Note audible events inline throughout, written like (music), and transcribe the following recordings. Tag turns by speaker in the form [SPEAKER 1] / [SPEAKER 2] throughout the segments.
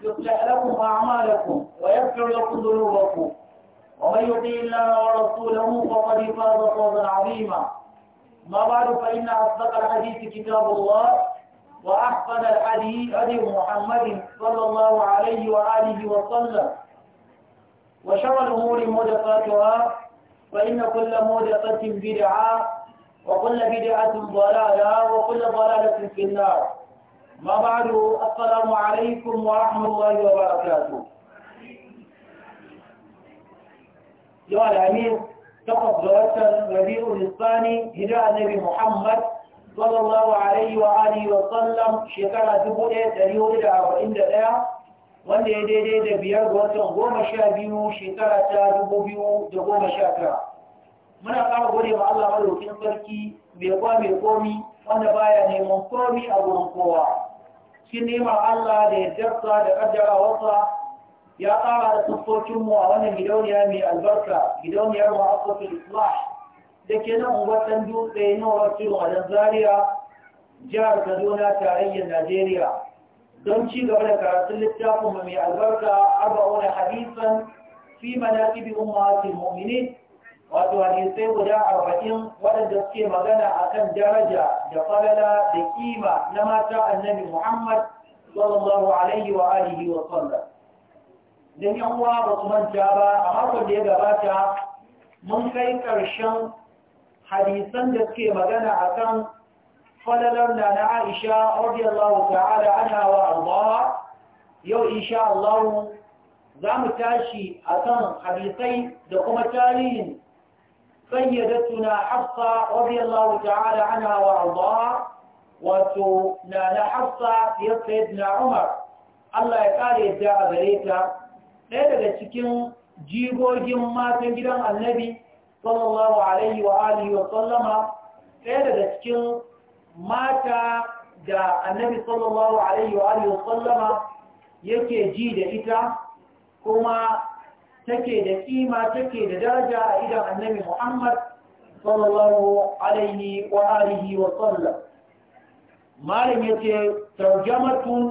[SPEAKER 1] يصلح لكم أعمالكم ويغفر لكم ذنوبكم ومن يطيع الله ورسوله فقد فاز فوزا عظيما ما بعد فإن أصدق الحديث كتاب الله وأحسن الحديث أبي محمد صلى الله عليه وآله وسلم وشر الأمور مدقاتها فإن كل مدقة بدعة وكل بدعة ضلالة وكل ضلالة في النار ما بعد السلام عليكم ورحمة الله وبركاته يا الأمير تقف زوجة ربيع الإسلامي هجاء النبي محمد صلى الله عليه وآله وسلم شكرا تبوئي تريد إلى أبوئين دائع وان دي دي دي دي بيار زوجة غوما شابيو شكرا تبوئيو دغوما شاكرا من أقام قولي مع الله عليه وسلم بيقوامي قومي وان بايا نيمون قومي أبوان قوامي cikin neman Allah da Ya yardarsa da kaddarawarsa ya ƙara da tsofofinmu a wannan gidauniya mai albarka gidauniyar ma'aikokin islah da ke nan ubatan dutse na wasu rumanin zaria jihar kaduna tarayyar najeriya don ci gaba da karatun littafinmu mai albarka arba'una hadisan fi manaƙibi ummatin mu'minin wato hadisai guda arba'in waɗanda suke magana akan daraja da falala da kima na mata annabi muhammad sallallahu alaihi wa alihi wa sallam yan uwa ba su manta ba a makon da ya gabata mun kai ƙarshen hadisan da suke magana akan falalar da na aisha radiyallahu ta'ala ana wa allah yau insha allah za mu tashi akan hadisai da kuma tarihin sayyidatuna hafsa radiyallahu ta'ala anha wa Allah wato na na hafsa ya sayyidina Umar Allah ya kare ta a gare ta ɗaya daga cikin jigogin matan gidan Annabi sallallahu alaihi wa alihi wa sallama daga cikin mata da Annabi sallallahu alaihi wa yake ji da ita kuma take da kima take da daraja a idan annabi Muhammad sallallahu alaihi wa alihi wa sallam malam yace tarjamatun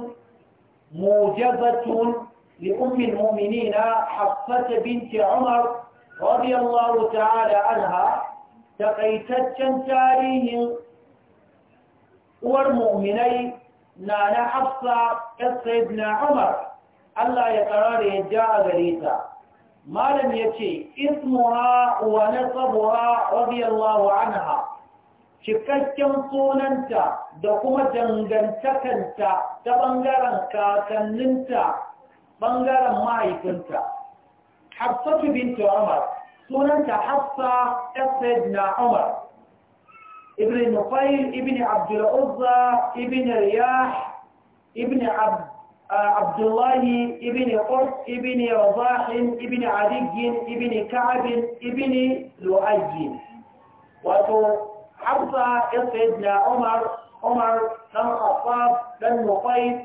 [SPEAKER 1] mujabatun li ummi almu'minina hafsat bint Umar radiyallahu ta'ala anha takaitaccen tarihin uwar mu'minai na na Hafsa ɗan Sayyidina Umar Allah ya karara ya ja gareta malam ya ce ismuha wa nasabuha radiyallahu anha cikakken sunanta da kuma dangantakanta ta ɓangaren kakanninta bangaren mahaifinta hafsatu binta umar sunanta hafsa esed na umar ibn nufail ibn abdul'uzza ibn riyah ibn abd عبد الله ابن قرط ابن رضاح ابن عدي ابن كعب ابن لؤي وتو حفظة سيدنا عمر عمر بن خطاب بن نقيب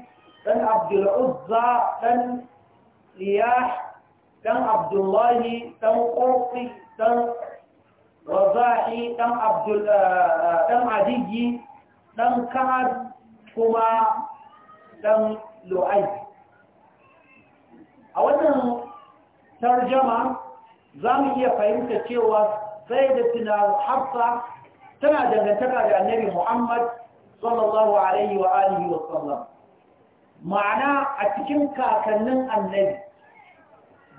[SPEAKER 1] بن عبد العزى بن رياح بن عبد الله بن قرطي بن رضاحي بن عبد بن عدي بن كعب كما بن lu'ai a wannan tarjama za mu iya fahimta cewa sai da tunan hafsa tana dangantaka da annabi muhammad sallallahu alaihi wa alihi wa sallam ma'ana a cikin kakannin annabi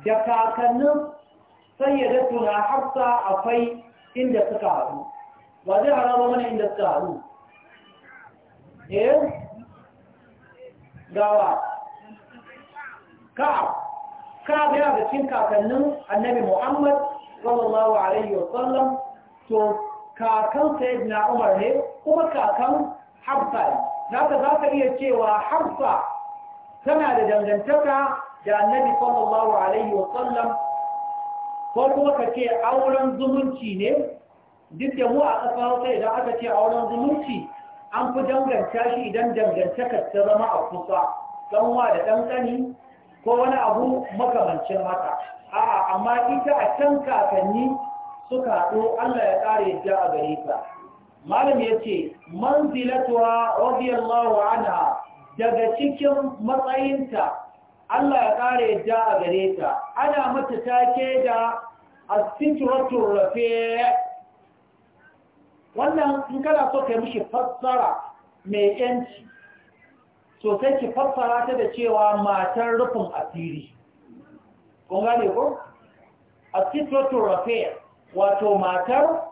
[SPEAKER 1] da kakannin sayyada tuna hafsa akwai inda suka haɗu ba zai haraba mana inda suka haɗu eh gawa ka'ab ka'ab yana da cikin kakannin annabi muhammad sallallahu alaihi wasallam to kakan sayid na umar ne kuma kakan hafsa ne za ka iya cewa hafsa tana da dangantaka da annabi sallallahu alaihi wasallam ko kuma ka ce auren zumunci ne duk da mu a ƙasa hausa idan aka ce auren zumunci an fi danganta shi idan dangantakar ta zama a kusa ɗanwa da ɗanɗani ko wani abu makamancin haka a'a amma ita a can kakanni suka haɗu Allah ya ƙara yadda a gare ta malam ya ce manzilatuwa radiyallahu anha daga cikin matsayinta Allah ya ƙara yadda a gare ta ana mata take da asituratul rafi' wannan in kana so ka mishi fassara mai yanci sosai ki fassara ta da cewa matar rufin asiri kun gane ko asitratun rafiya wato matar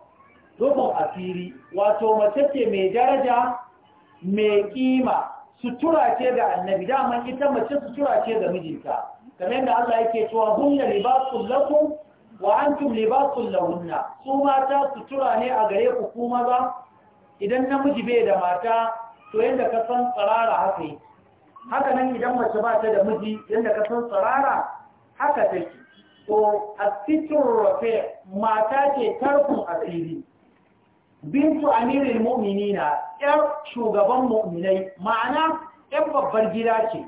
[SPEAKER 1] rufin asiri wato mace ce mai daraja mai kima sutura ce ga annabi daman ita mace sutura ce ga mijinta kamar yadda Allah yake cewa hunna libasul lakum wa antum libasul lahunna su mata sutura ne a gare ku kuma ba idan namiji bai da mata to yanda ka san tsarara haka yi haka nan idan mace ba ta da miji yanda ka san tsarara haka take to asitur rafi mata ke tarkun asiri bintu amirin mu'minina yar shugaban mu'minai ma'ana yan babbar gida ce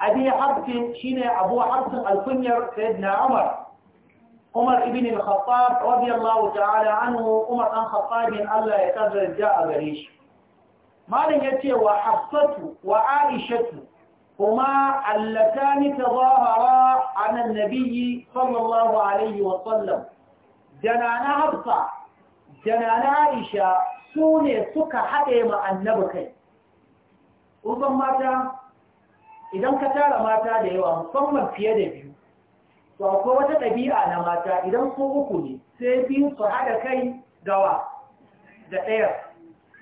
[SPEAKER 1] abi habsin shine abu habsin alkunyar sayyidina umar Umar ibn al-Khattab radiyallahu ta'ala anhu Umar dan Khattab Allah ya tarja a gare shi Malam yace wa Hafsatu wa Aishatu kuma allatani tazahara ala an-nabiy sallallahu alaihi wa sallam janana Hafsa janana Aisha sune suka hade ma annabi kai Uban mata idan ka tara mata da yawa musamman fiye da biyu to akwai wata ɗabi'a na mata idan ko uku ne sai biyu su haɗa kai gawa da ɗayar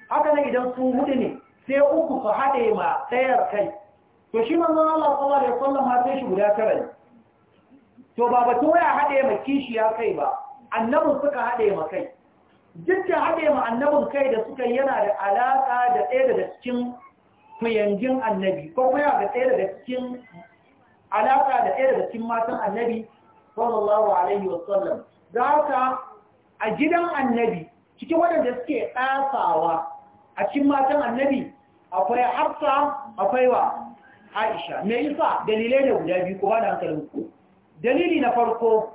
[SPEAKER 1] haka nan idan sun hudu ne sai uku su haɗe ma ɗayar kai to shi manzon Allah sallallahu alaihi wasallam har sai shi guda tara ne to ba batun waya haɗe ma kishiya kai ba annabin suka haɗe ma kai dukkan haɗe ma annabin kai da suka yana da alaƙa da ɗaya daga cikin kuyangin annabi ko kuma ga ɗaya daga cikin alaƙa da ɗaya daga cikin matan annabi sallallahu alaihi sallam. da haka a gidan annabi cikin waɗanda suke ɗasawa a cikin matan annabi akwai hafsa akwai wa aisha me yasa dalilai ne guda biyu ko bana hankalin ku dalili na farko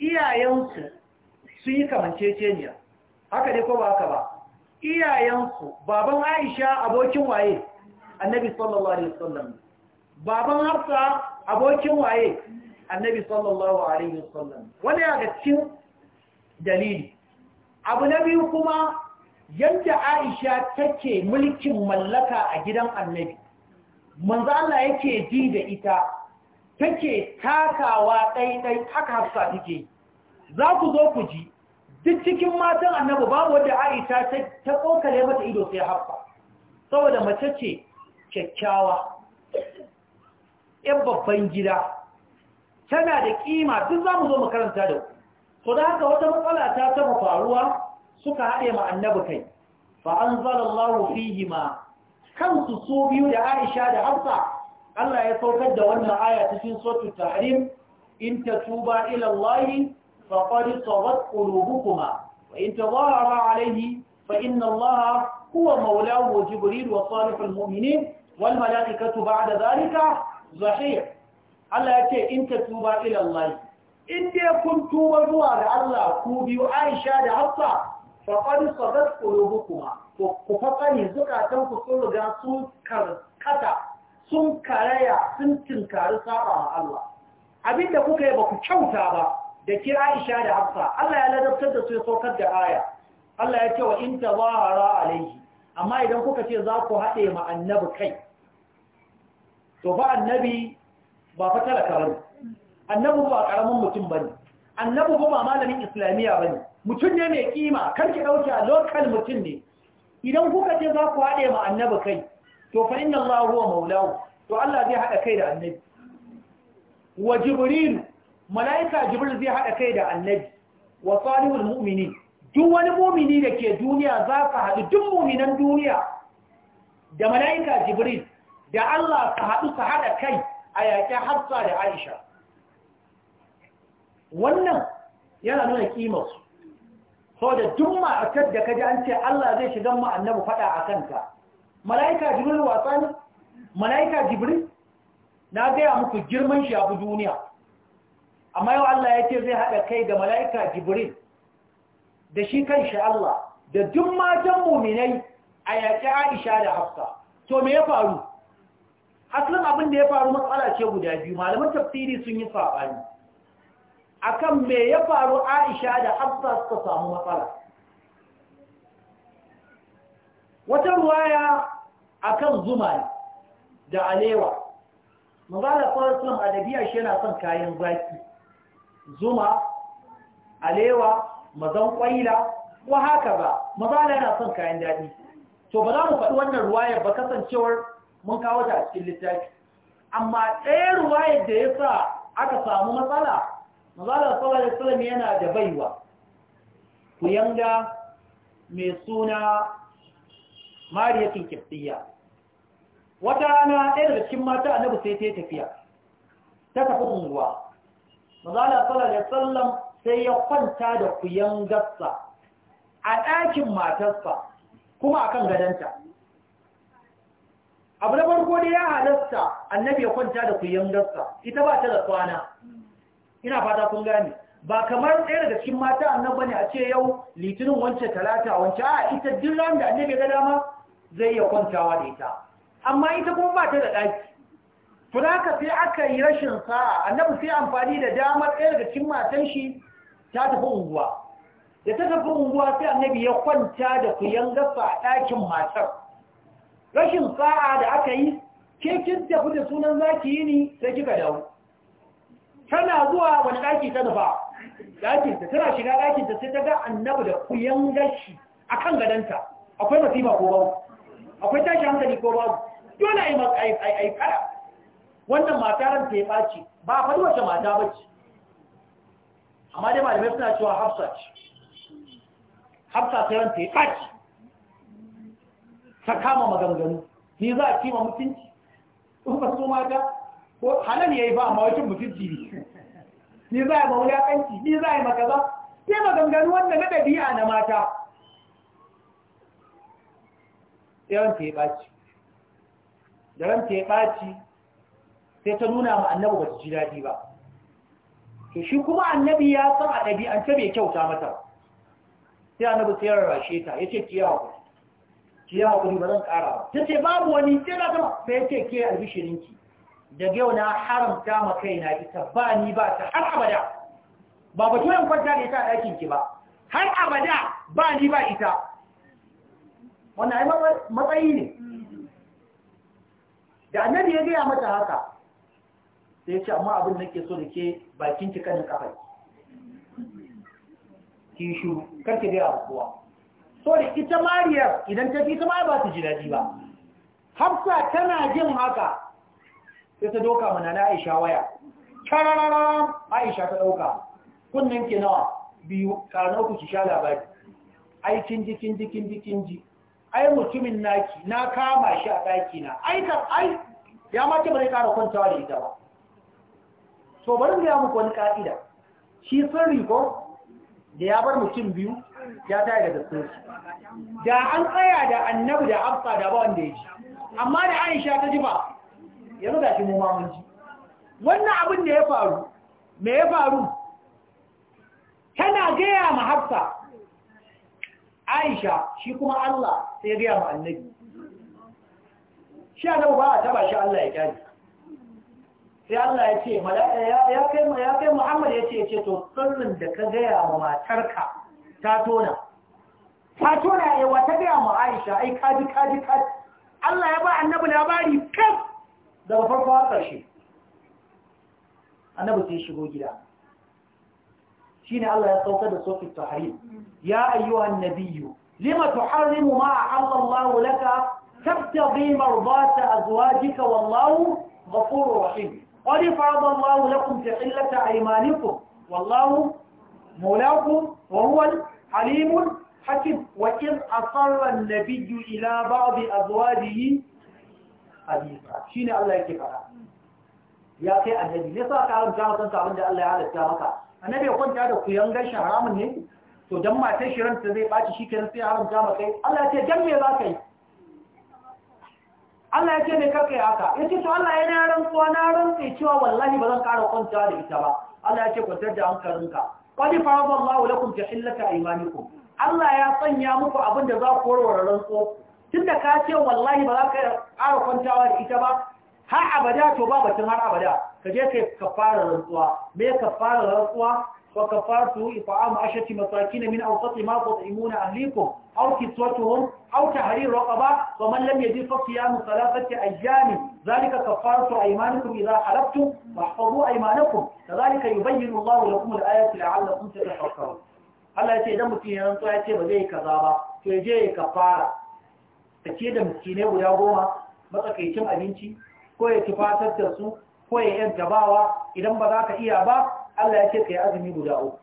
[SPEAKER 1] iyayensu sun yi kamanceceniya haka dai ko ba haka ba iyayensu baban aisha abokin waye annabi sallallahu alaihi wa sallam? baban harsa abokin waye annabi sallallahu alaihi wasallam wani daga cikin dalili abu na biyu kuma yadda Aisha take mulkin mallaka a gidan annabi manzo Allah yake ji da ita take takawa ɗaiɗai haka hafsa take za ku zo ku ji duk cikin matan annabi babu wanda Aisha ta kokale mata ido sai hafsa saboda mace ce kyakkyawa yan babban gida tana da ƙima duk za mu zo makaranta da ku da haka wata matsala ta taba faruwa suka haɗe ma annabi kai fa an zalallahu fiye ma kansu su biyu da aisha da hafsa Allah ya saukar da wannan aya cikin suratul tahrim in tuba ilallahi Allah faqad sawat kuma. wa in tawara alayhi fa inna Allah maula maulahu jibril wa salihul mu'minin wal malaikatu ba'da zalika zahir Allah ya ce in ta tuba Allah in dai kun tuba zuwa ga Allah ku biyu Aisha da Hafsa faƙari sadat ƙulubu kuma ku faƙari ku sun riga sun karkata sun karaya sun tinkari saba wa Allah abinda kuka yi ba ku kyauta ba da kira Aisha da hafsa Allah ya ladabtar da su ya saukar da aya Allah ya ce wa in tazahara alaihi amma idan kuka ce za ku haɗe ma annabi kai to ba annabi ba fa talaka bane annabi ba karamin mutum bane annabi ba malamin islamiya bane mutum ne mai kima kar ki a local mutum ne idan kuka ce za ku haɗe ma annabi kai to fa inna Allah huwa maulahu to Allah zai haɗa kai da annabi wa jibril malaika jibril zai haɗa kai da annabi wa salihul mu'minin duk wani mu'mini da ke duniya za ka haɗu duk mu'minan duniya da malaika jibril da Allah ka haɗu ka haɗa kai a yaƙi hafsa da aisha wannan yana nuna ƙimarsu so da duk ma'atar da ji an ce Allah zai shiga mu faɗa a kanta mala'ika jibril wasa ne mala'ika jibril na gaya muku girman shi abu duniya amma yau Allah ya ce zai haɗa kai da mala'ika jibril da shi kan shi Allah da duk matan muminai a yaƙi aisha da hafsa to me ya faru asalin abin da ya faru matsala ce guda biyu malaman tafsiri sun yi saɓani akan me ya faru aisha da hafsa suka samu matsala wata ruwaya akan zuma da alewa da farislam a dabiya shi yana son kayan zaki zuma alewa mazan kwaila ko haka ba mazala yana son kayan daɗi to ba za mu faɗi wannan ruwayar ba kasancewar mun kawo ta a cikin littafi amma ɗaya ruwa yadda ya sa aka samu matsala mazalar tsawarar salam yana da baiwa ku yanga mai suna mariyakin kiftiya wata rana ɗaya daga cikin mata nabu sai ta yi tafiya ta tafi unguwa mazalar tsawarar salam sai ya kwanta da ku yangarsa a ɗakin matarsa kuma a kan gadonta abu na farko da ya halasta annabi ya kwanta da kuyan gasta ita ba ta da kwana ina fata kun gane ba kamar ɗaya daga cikin mata annabi ne a ce yau litinin wancan talata wancan a ita duk ran da annabi ga dama zai iya kwantawa da ita amma ita kuma ba ta da ɗaki to da sai aka yi rashin sa'a annabi sai amfani da damar ɗaya daga cikin matan shi ta tafi unguwa da ta tafi unguwa sai annabi ya kwanta da kuyan gasa a ɗakin matar rashin sa'a da aka yi ke tafi da sunan zaki yi ni sai kika dawo tana zuwa wani ɗaki ta nufa ɗakinta tana shiga ɗakinta sai ta ga annabu da kuyan gashi a kan gadanta akwai masifa ko babu akwai tashi hankali ko babu dole a yi aikara wannan mata ran ta yi ɓaci ba a faɗi wace mata ba ce amma dai malamai suna cewa hafsa ce hafsa ta yi ɓaci ta kama maganganu ni za a kima mutunci in ba so mata ko halal yayi ba amma wajen mutunci ne ni za a mawuya kanci ni za a yi makaza sai maganganu wanda na ɗabi'a na mata ta ya ɓaci da ranta ya ɓaci sai ta nuna ma annabi ba su ji daɗi ba to shi kuma annabi ya san a ta bai kyauta mata sai annabi sai ya rarrashe ta ya ce ki yawa ki yi ba zan ƙara ba ta ce babu wani sai na sama. sai ce ke albishirinki da yau na haramta ma na ita ba ni ba ta har abada ba ba kwanta da ita a ɗakinki ki ba har abada ba ni ba ita wannan ai matsayi ne da annabi ya gaya mata haka sai ce amma abin da ke so da ke bakin ki kanin kafai kin shuru karki gaya wa kowa so da ita mariya idan ta fi ta ma ba ta ji daɗi ba hafsa tana jin haka sai ta doka mana na aisha waya Ta Aisha nawa biyu labari ai kin ji kin ji kin ji kin ji ai mutumin naki na kama shi a daki na ai kan ai ya mace ba zai ƙara kwantawa da ita ba so bari mu ya muku wani ka'ida shi sirri ko da ya bar mutum biyu ya taya da gaske da an tsaya da annabi da afsa da ba wanda ya ji amma da aisha ta ji ba yanzu da shi mu mun ji wannan abin da ya faru mai ya faru tana gaya ma hafsa aisha shi kuma Allah sai ya gaya ma annabi shi annabi ba a taba shi Allah ya kyale sai Allah ya ce ya kai ya Muhammad ya ce ya ce to sirrin da ka gaya ma matarka ta tona ta tona ya eh, wata gaya ma Aisha ai kaji kaji kaji Allah ya ba annabi labari kaf daga farko har ƙarshe annabi sai shigo gida shine Allah ya saukar da sofi tahrim ya ayyuhan nabiyyu lima tuharrimu ma ahallallahu laka tabtaghi mardata azwajika wallahu ghafurur rahim قد فرض الله لكم في حلة أيمانكم والله مولاكم وهو الحليم الحكيم وإذ أصر النبي إلى بعض أزواجه حديثا شين الله يكفر يا أخي النبي ليس قال جاء سنت عند الله على السلامة النبي يقول جاء ده كيان غش حرام ne to dan matar shirin ta zai baci shi kenan sai haram ta maka Allah ya ce dan me za ka yi Allah ya ce ne kakai haka ya ce to Allah yana rantsuwa na rantsi cewa wallahi ba zan ƙara da ita ba Allah ya ce kwantar da hankalinka qad farada Allahu lakum tahillata aymanikum Allah ya sanya muku abin da za ku warware rantsuwa tunda ka ce wallahi ba za ka ƙara kwantawa da ita ba har abada to ba batun har abada ka je ka fara rantsuwa me ka fara rantsuwa وكفارته إطعام عشرة مساكين من أوسط ما تطعمون أهليكم أو كسوتهم أو تحرير رقبة ومن لم يجد فصيام ثلاثة أيام ذلك كفارة أيمانكم إذا حلفتم واحفظوا أيمانكم كذلك يبين الله لكم الآيات لعلكم تتفكرون Allah ya ce idan mutum ya rantsuwa ya ce ba zai kaza ba to ya je ya kafara ta ce da miskinai guda goma matsakaicin abinci ko ya tufatar da su ko ya yan gabawa idan ba za ka iya ba Allah ya ce kai azumi guda uku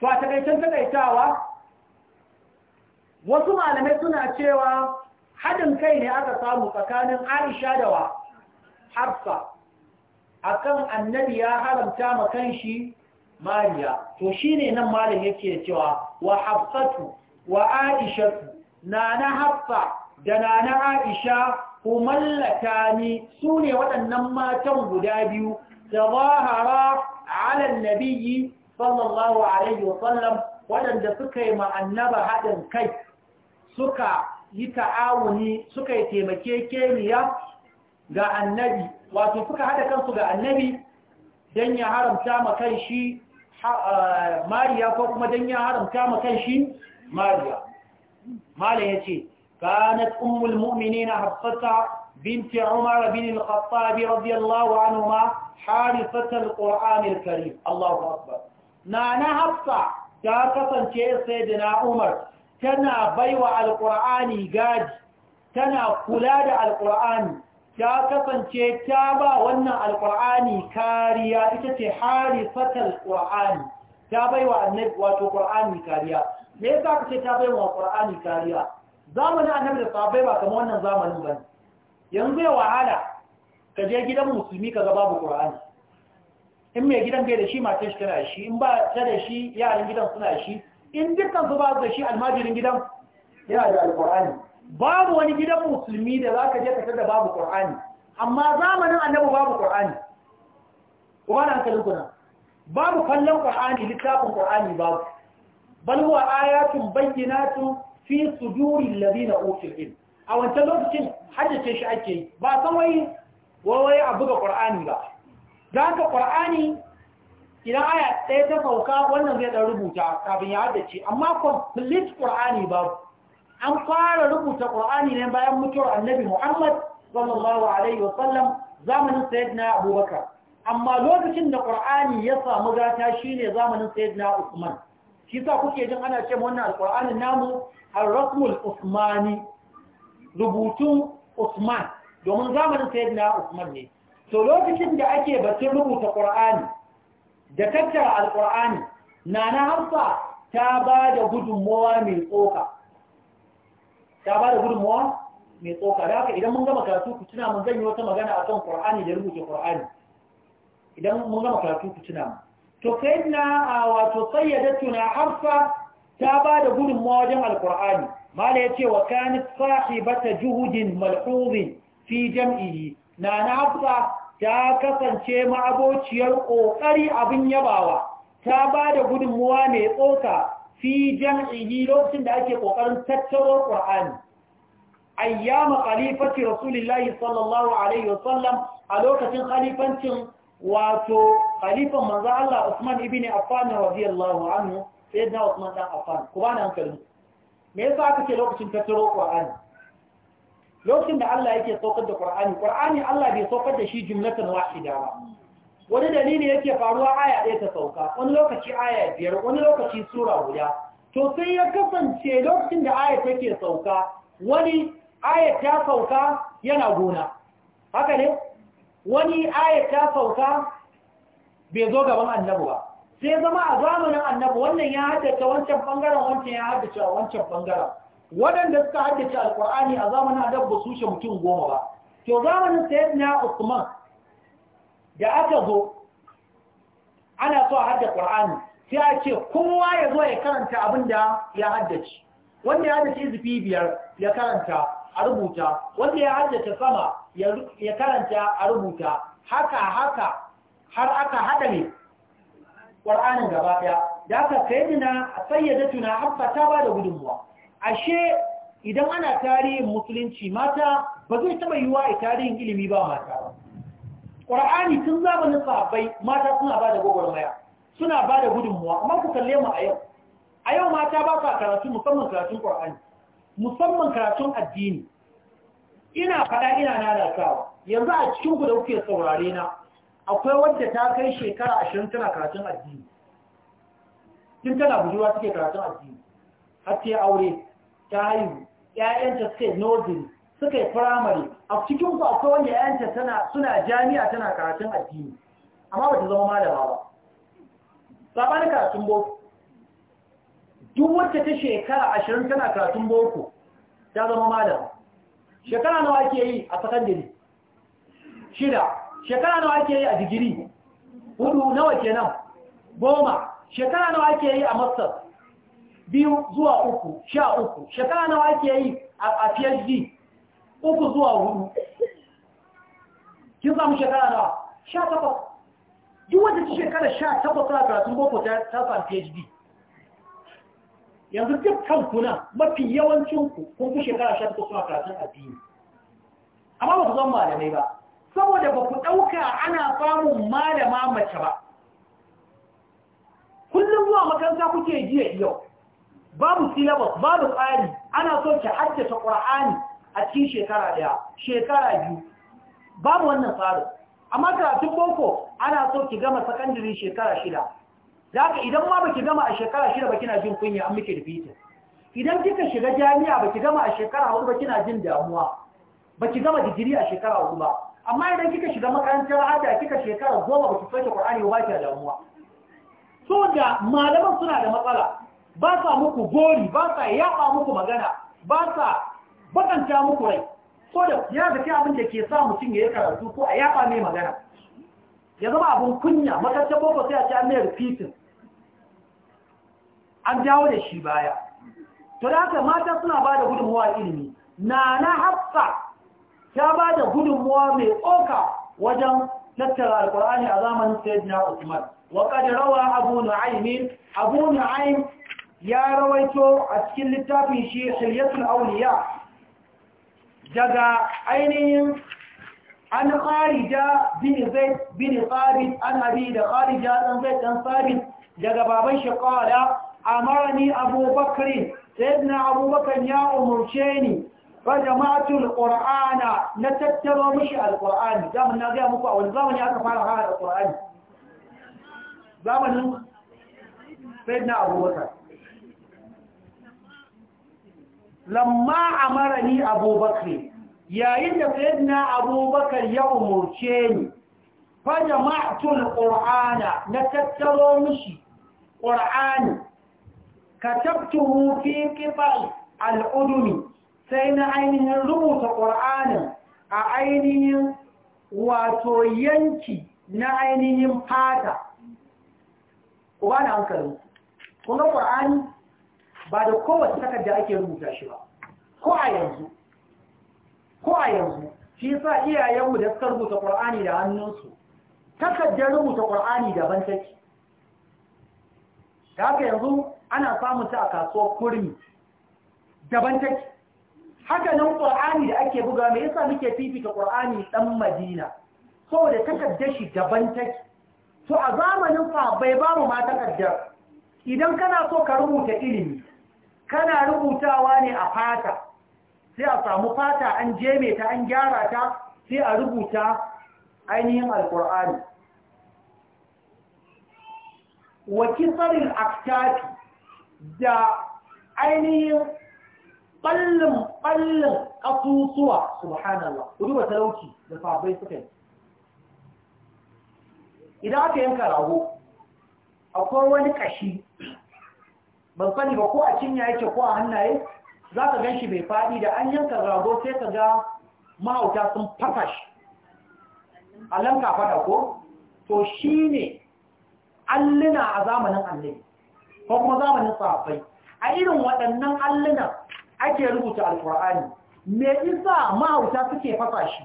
[SPEAKER 1] to a takaicen takaitawa wasu malamai suna cewa haɗin kai ne aka samu tsakanin Aisha da wa Hafsa akan annabi ya haramta ma shi? Mariya to shine nan malam yake cewa wa Hafsatu wa Aisha na Hafsa da na Aisha kumallata ni su ne waɗannan matan guda biyu da zahara ala nabiyyi sallallahu alaihi wa sallam waɗanda suka yi ma'annaba haɗin kai suka yi ta'awuni suka yi taimakekeniya ga annabi wato suka haɗa kansu ga annabi don ya haramta ma kan shi mariya ko kuma don ya haramta ma kan shi mariya malam ya ce kanat ummul mu'minina hafsata بنت عمر بن الخطاب رضي الله عنهما حارثة القرآن الكريم الله أكبر نانا حفصة تاكسا شيء سيدنا عمر تنا بيوع القرآن قاج تنا قلاد القرآن تاكسا شيء تابا ونا القرآن كاريا إتتي حارثة القرآن تابيوع النبي وتقرآن كاريا ليه تاكسي تابيوع القرآن كاريا زامن النبي الصحابي ba kamar wannan zamanin bane yanzu ya wahala ka je gidan musulmi ka ga babu ƙura'ani in mai gidan bai da shi mace shi tana shi in ba ta da shi yaran gidan suna shi in dukkan su ba da shi almajirin gidan yana da alqur'ani babu wani gidan musulmi da za ka je ka da babu ƙura'ani amma zamanin annabi babu Ku kuma na hankalin kuna babu kallon ƙura'ani littafin ƙura'ani babu balwa huwa ayatun bayyinatun fi suduril ladina utul ilm a wancan lokacin haddace shi ake yi ba san wai wai a buga ƙur'ani ba za ka ƙur'ani idan aya ɗaya ta sauka wannan zai ɗan rubuta kafin ya haddace amma complete ƙur'ani ba an fara rubuta ƙur'ani ne bayan mutuwar annabi muhammad sallallahu alaihi wasallam zamanin sayyidina abubakar amma lokacin da ƙur'ani ya samu gata shine zamanin sayyidina usman shi sa kuke jin ana ce wannan alƙur'anin namu al-rasmul usmani rubutun Usman domin zamanin sayyidina Usman ne to lokacin da ake batun rubuta Qur'ani da tattara Al-Qur'ani nana Hafsa ta ba da gudunmawa mai tsoka ta ba da gudunmawa mai tsoka da haka idan mun gama karatu ku tuna mun zanyi wata magana akan Qur'ani da rubuta Qur'ani idan mun gama karatu ku tuna mu to sayyidina wato sayyidatuna Hafsa ta ba da gudunmawa wajen Al-Qur'ani ya ce wa kani kanat sahibata juhudin malhuzin fi jam'ihi na hafsa ta kasance ma'abociyar ƙoƙari abin yabawa ta ba da gudunmuwa mai tsoka fi jam'ihi lokacin da ake ƙoƙarin tattaro ƙur'ani ayyama khalifati rasulillahi sallallahu alaihi wasallam a lokacin khalifancin wato khalifan manzo Allah Usman ibn Affan radiyallahu anhu sayyidina Usman dan Affan ku bani hankalinku me yasa aka ce lokacin tattaro qur'ani lokacin da Allah yake saukar da qur'ani qur'ani Allah bai saukar da shi jumlatan wahida ba wani dalili yake faruwa aya ɗaya ta sauka wani lokaci aya biyar wani lokaci sura guda to sai ya kasance lokacin da aya take sauka wani aya ta sauka yana gona haka ne wani aya ta sauka bai zo gaban annabi ba sai zama a zamanin annabi wannan ya haddace wancan bangaren wancan ya haddace wancan bangaren waɗanda suka haddace alkur'ani a zamanin annabi ba su mutum goma ba to zamanin sayyidina usman da aka zo ana so a hadda qur'ani sai a ce kowa ya zo ya karanta abin da ya haddace wanda ya haddace zufi biyar ya karanta a rubuta wanda ya haddace sama ya karanta a rubuta haka haka har aka haɗa ne ƙwar'anin gaba ɗaya da aka sayyidina tuna abba ta ba da gudunmuwa ashe idan ana tarihin musulunci mata ba zai taɓa wa a tarihin ilimi ba mata ba ƙwar'ani tun zamanin sahabbai mata suna ba da gwagwarmaya suna ba da gudunmuwa amma ku kalle mu a yau a yau mata ba ka karatu musamman karatun ƙwar'ani musamman karatun addini ina faɗa ina nanasawa yanzu a cikin ku da kuke saurare na akwai wadda ta kai shekara ashirin tana karatun addini tun tana bujewa suke karatun addini har ta aure ta haihu ƴaƴanta suka yi nursery suka yi firamare a cikin ku akwai wanda ƴaƴanta tana suna jami'a tana karatun addini amma ba ta zama malama ba sabanin karatun boko duk wacce ta shekara ashirin tana karatun boko ta zama malama shekara nawa ake yi a sakandare shida shekara nawa ake yi a digiri hudu nawa kenan goma shekara nawa ake yi a master biyu zuwa uku sha uku shekara nawa ake yi a phd uku zuwa hudu kin samu shekara nawa sha takwas duk wanda ta shekara sha takwas tana karatun boko ta samu phd yanzu dukkan kuna mafi yawancinku kun fi shekara sha takwas suna karatun addini amma ba ku zama malamai ba saboda ba ku ɗauka ana samun malama mace ba kullum zuwa makaranta kuke jiya yau babu syllabus babu tsari ana so ki haddace qur'ani a cikin shekara daya shekara biyu babu wannan tsarin amma karatun boko ana so ki gama secondary shekara shida ka idan ma baki gama a shekara shida ba kina jin kunya an muke rubuta idan kika shiga jami'a baki gama a shekara hudu ba kina jin damuwa baki gama digiri a shekara hudu ba amma idan kika shiga makarantar ada kika shekara goma ba su sauke Qur'ani ba ke damuwa so da malaman suna da matsala ba sa muku gori ba sa yaba muku magana ba sa bakanta muku rai so da ya da abin da ke sa mutum ya yi karatu ko a yaba mai magana ya zama abin kunya makarantar boko sai a ci an mai an dawo da shi baya to da haka mata suna ba da gudunmuwa ilimi na na hafsa ta ba da gudunmuwa mai ƙoƙa wajen tattara Alƙur'ani a zamanin sayyidina usman wa qad rawa abu nu'aym abu ya rawaito a cikin littafin shi hilyatul awliya daga ainihin an kharija bin zaid bin thabit an abi da kharija dan zaid dan thabit daga baban shi qala amarni abubakar sayyidina abubakar ya umurce ni fajamatul ƙor'ana na tattaro mishi alƙor'ani zamanin na zai muku a wani zamani aka fara fara alƙor'ani zamanin sai na abubakar lamma a marani abubakar yayin da sai na abubakar ya umurce ni fajamatul ƙor'ana na tattaro mishi ƙor'ani ka tabtuhu fi kifar al'udumi sai na ainihin rubuta ƙur'anin a ainihin wato yanki na ainihin fata ba da hankali kuma ƙur'ani ba da kowace takarda ake rubuta shi ba ko a yanzu ko a yanzu shi sa iyayenmu da suka rubuta ƙur'ani da hannunsu takardar rubuta ƙur'ani daban take da haka yanzu ana samun ta a kasuwar kurmi daban take haka nan qur'ani da ake buga mai yasa muke fifita qur'ani dan madina saboda takaddar shi daban take to a zamanin fa bai ba mu ma takaddar idan kana so ka rubuta ilimi kana rubutawa ne a fata sai a samu fata an jeme ta an gyara ta sai a rubuta ainihin alkur'ani wa kisarin aktafi da ainihin ɓallin ɓallin ƙasusuwa subhanallah ku talauci da sabai suka yi idan aka yanka rago akwai wani ƙashi ban sani ba ko a cinya yake ko a hannaye za ka gan shi bai faɗi da an yanka rago sai ka ga mahauta sun fafa shi a nan ko to shi ne alluna a zamanin annabi ko kuma zamanin sabai a irin waɗannan allunan ake rubuta alkur'ani me isa mahauta suke fasa shi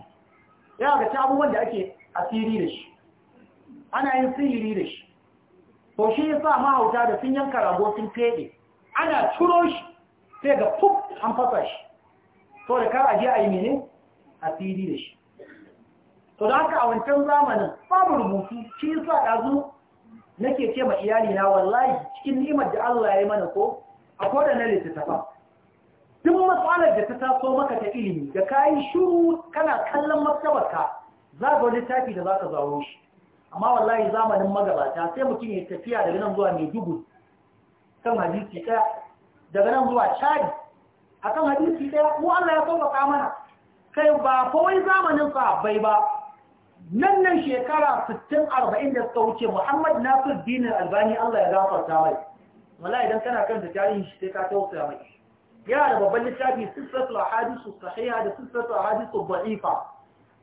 [SPEAKER 1] ya ga ta abubuwan da ake asiri da shi ana yin sihiri da shi to shi yasa mahauta da sun yanka rago sun fede ana ciro shi sai ga fuk an fasa shi to da kar a je a yi mene asiri da shi to da haka a wancan zamanin babu rubutu shi yasa ɗazu nake ce ma iyali na wallahi cikin ni'imar da Allah ya yi mana ko a da na duk matsalar da ta taso maka ta ilimi da ka yi shuru kana kallon martabarka za ga wani tafi da za ka zawo shi amma wallahi zamanin magabata sai mutum ya tafiya daga nan zuwa mai dubu kan hadisi ɗaya daga nan zuwa cari a kan hadisi ɗaya ko Allah ya sauƙaƙa mana kai ba kawai zamanin bai ba nan nan shekara 60-40 da suka wuce Muhammad Nasir Dinin Albani Allah ya gafarta mai wallahi idan kana kan da tarihin shi sai ka tausaya mai yana da babban littafi sifatu hadisu sahiha da sifatu ba'ifa.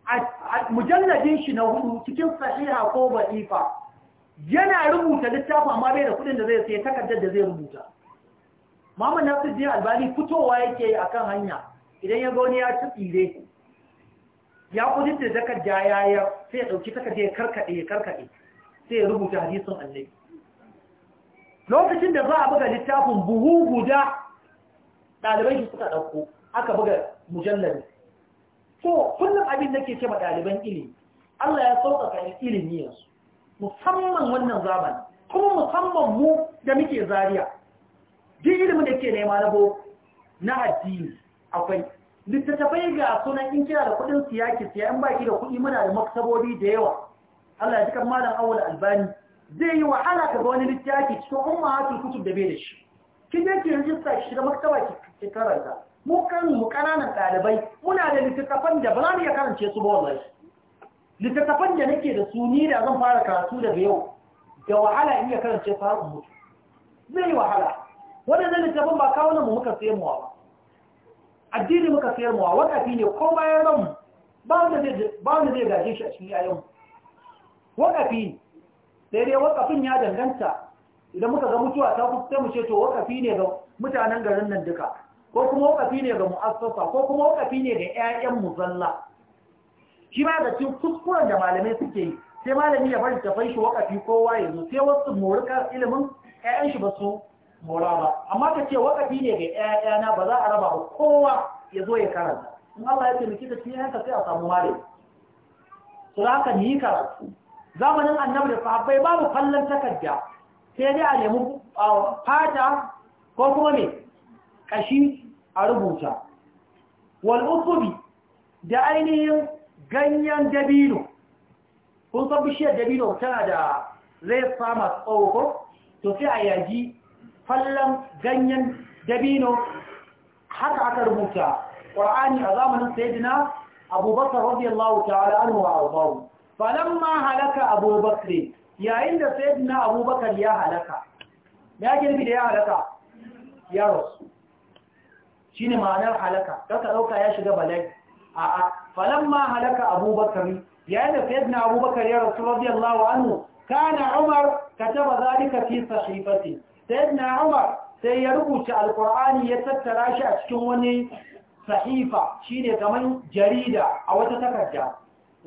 [SPEAKER 1] A mujalladin shi na hudu cikin sahiha ko ba'ifa. yana rubuta littafi amma bai da kudin da zai sai takardar da zai rubuta Muhammad Nasiruddin Albani fitowa yake a kan hanya idan ya ga ya ci tsire ya kudin da takarda ya ya sai ya ɗauki takarda ya karkaɗe ya sai ya rubuta hadisin allai. lokacin da za a buga littafin buhu guda Dalibai shi suka ɗauko aka buga mujallar so kullum abin da ke ce ma ɗaliban ilimi Allah ya sauƙaƙa ilimi yanzu musamman wannan zamani kuma musamman mu da muke zariya duk ilimin da ke nema na na addini akwai littattafai ga sunan in kira da kuɗin siyaki siya in baki da kuɗi muna da maktabobi da yawa Allah ya cikin malam awul albani zai yi wahala ka ga wani littafi cikin umma hatin kutub da bai da shi kin je ki rijista ki shiga maktaba ki ki karanta mu kan mu kananan ɗalibai muna da littattafan da ba za mu iya karance su ba wallahi littattafan da nake da su ni da zan fara karatu daga yau da wahala in iya karance su har in zai yi wahala waɗannan littattafan ba kawo mu muka sayar mu ba addini muka sayar mu wakafi ne ko bayan ranmu ba wanda zai gaje shi a cikin yayin wakafi sai dai wakafin ya danganta idan muka ga mutuwa ta kusa mu ce to wakafi ne ga mutanen garin nan duka ko kuma wakafi ne ga mu'assasa ko kuma wakafi ne ga 'ya'yan muzalla. shi ma da cikin kuskuren da malamai suke yi sai malami ya bari tafai shi wakafi kowa yanzu sai wasu morika ilimin 'ya'yan shi ba su mora ba amma ka ce wakafi ne ga 'ya'yana ba za a raba ba kowa ya zo ya karanta in Allah ya taimaki ka cikin yanka sai a samu malami su haka ni karatu zamanin annabi da sahabbai babu kallon takarda sai dai a nemi fata ko kuma me kashi a rubuta wal'ukubi da ainihin ganyen dabino kun san bishiyar dabino tana da refa masu tsawo to sai a yaji fallon ganyen dabino haka aka rubuta ƙwar'ani a zamanin sayidina abubakar ta ta'ala an wa falon ma halaka abubakar yayin da sayidina abubakar ya halaka ya girbi da ya halaka ya rasu shine ma'anar halaka kaka ɗauka ya shiga bala'i a'a ma halaka abubakar yayin da sayyidina abubakar ya rasu radiyallahu anhu kana umar kataba zalika fi sahifati na umar sai ya rubuta alkur'ani ya tattara shi a cikin wani sahifa shine kaman jarida a wata takarda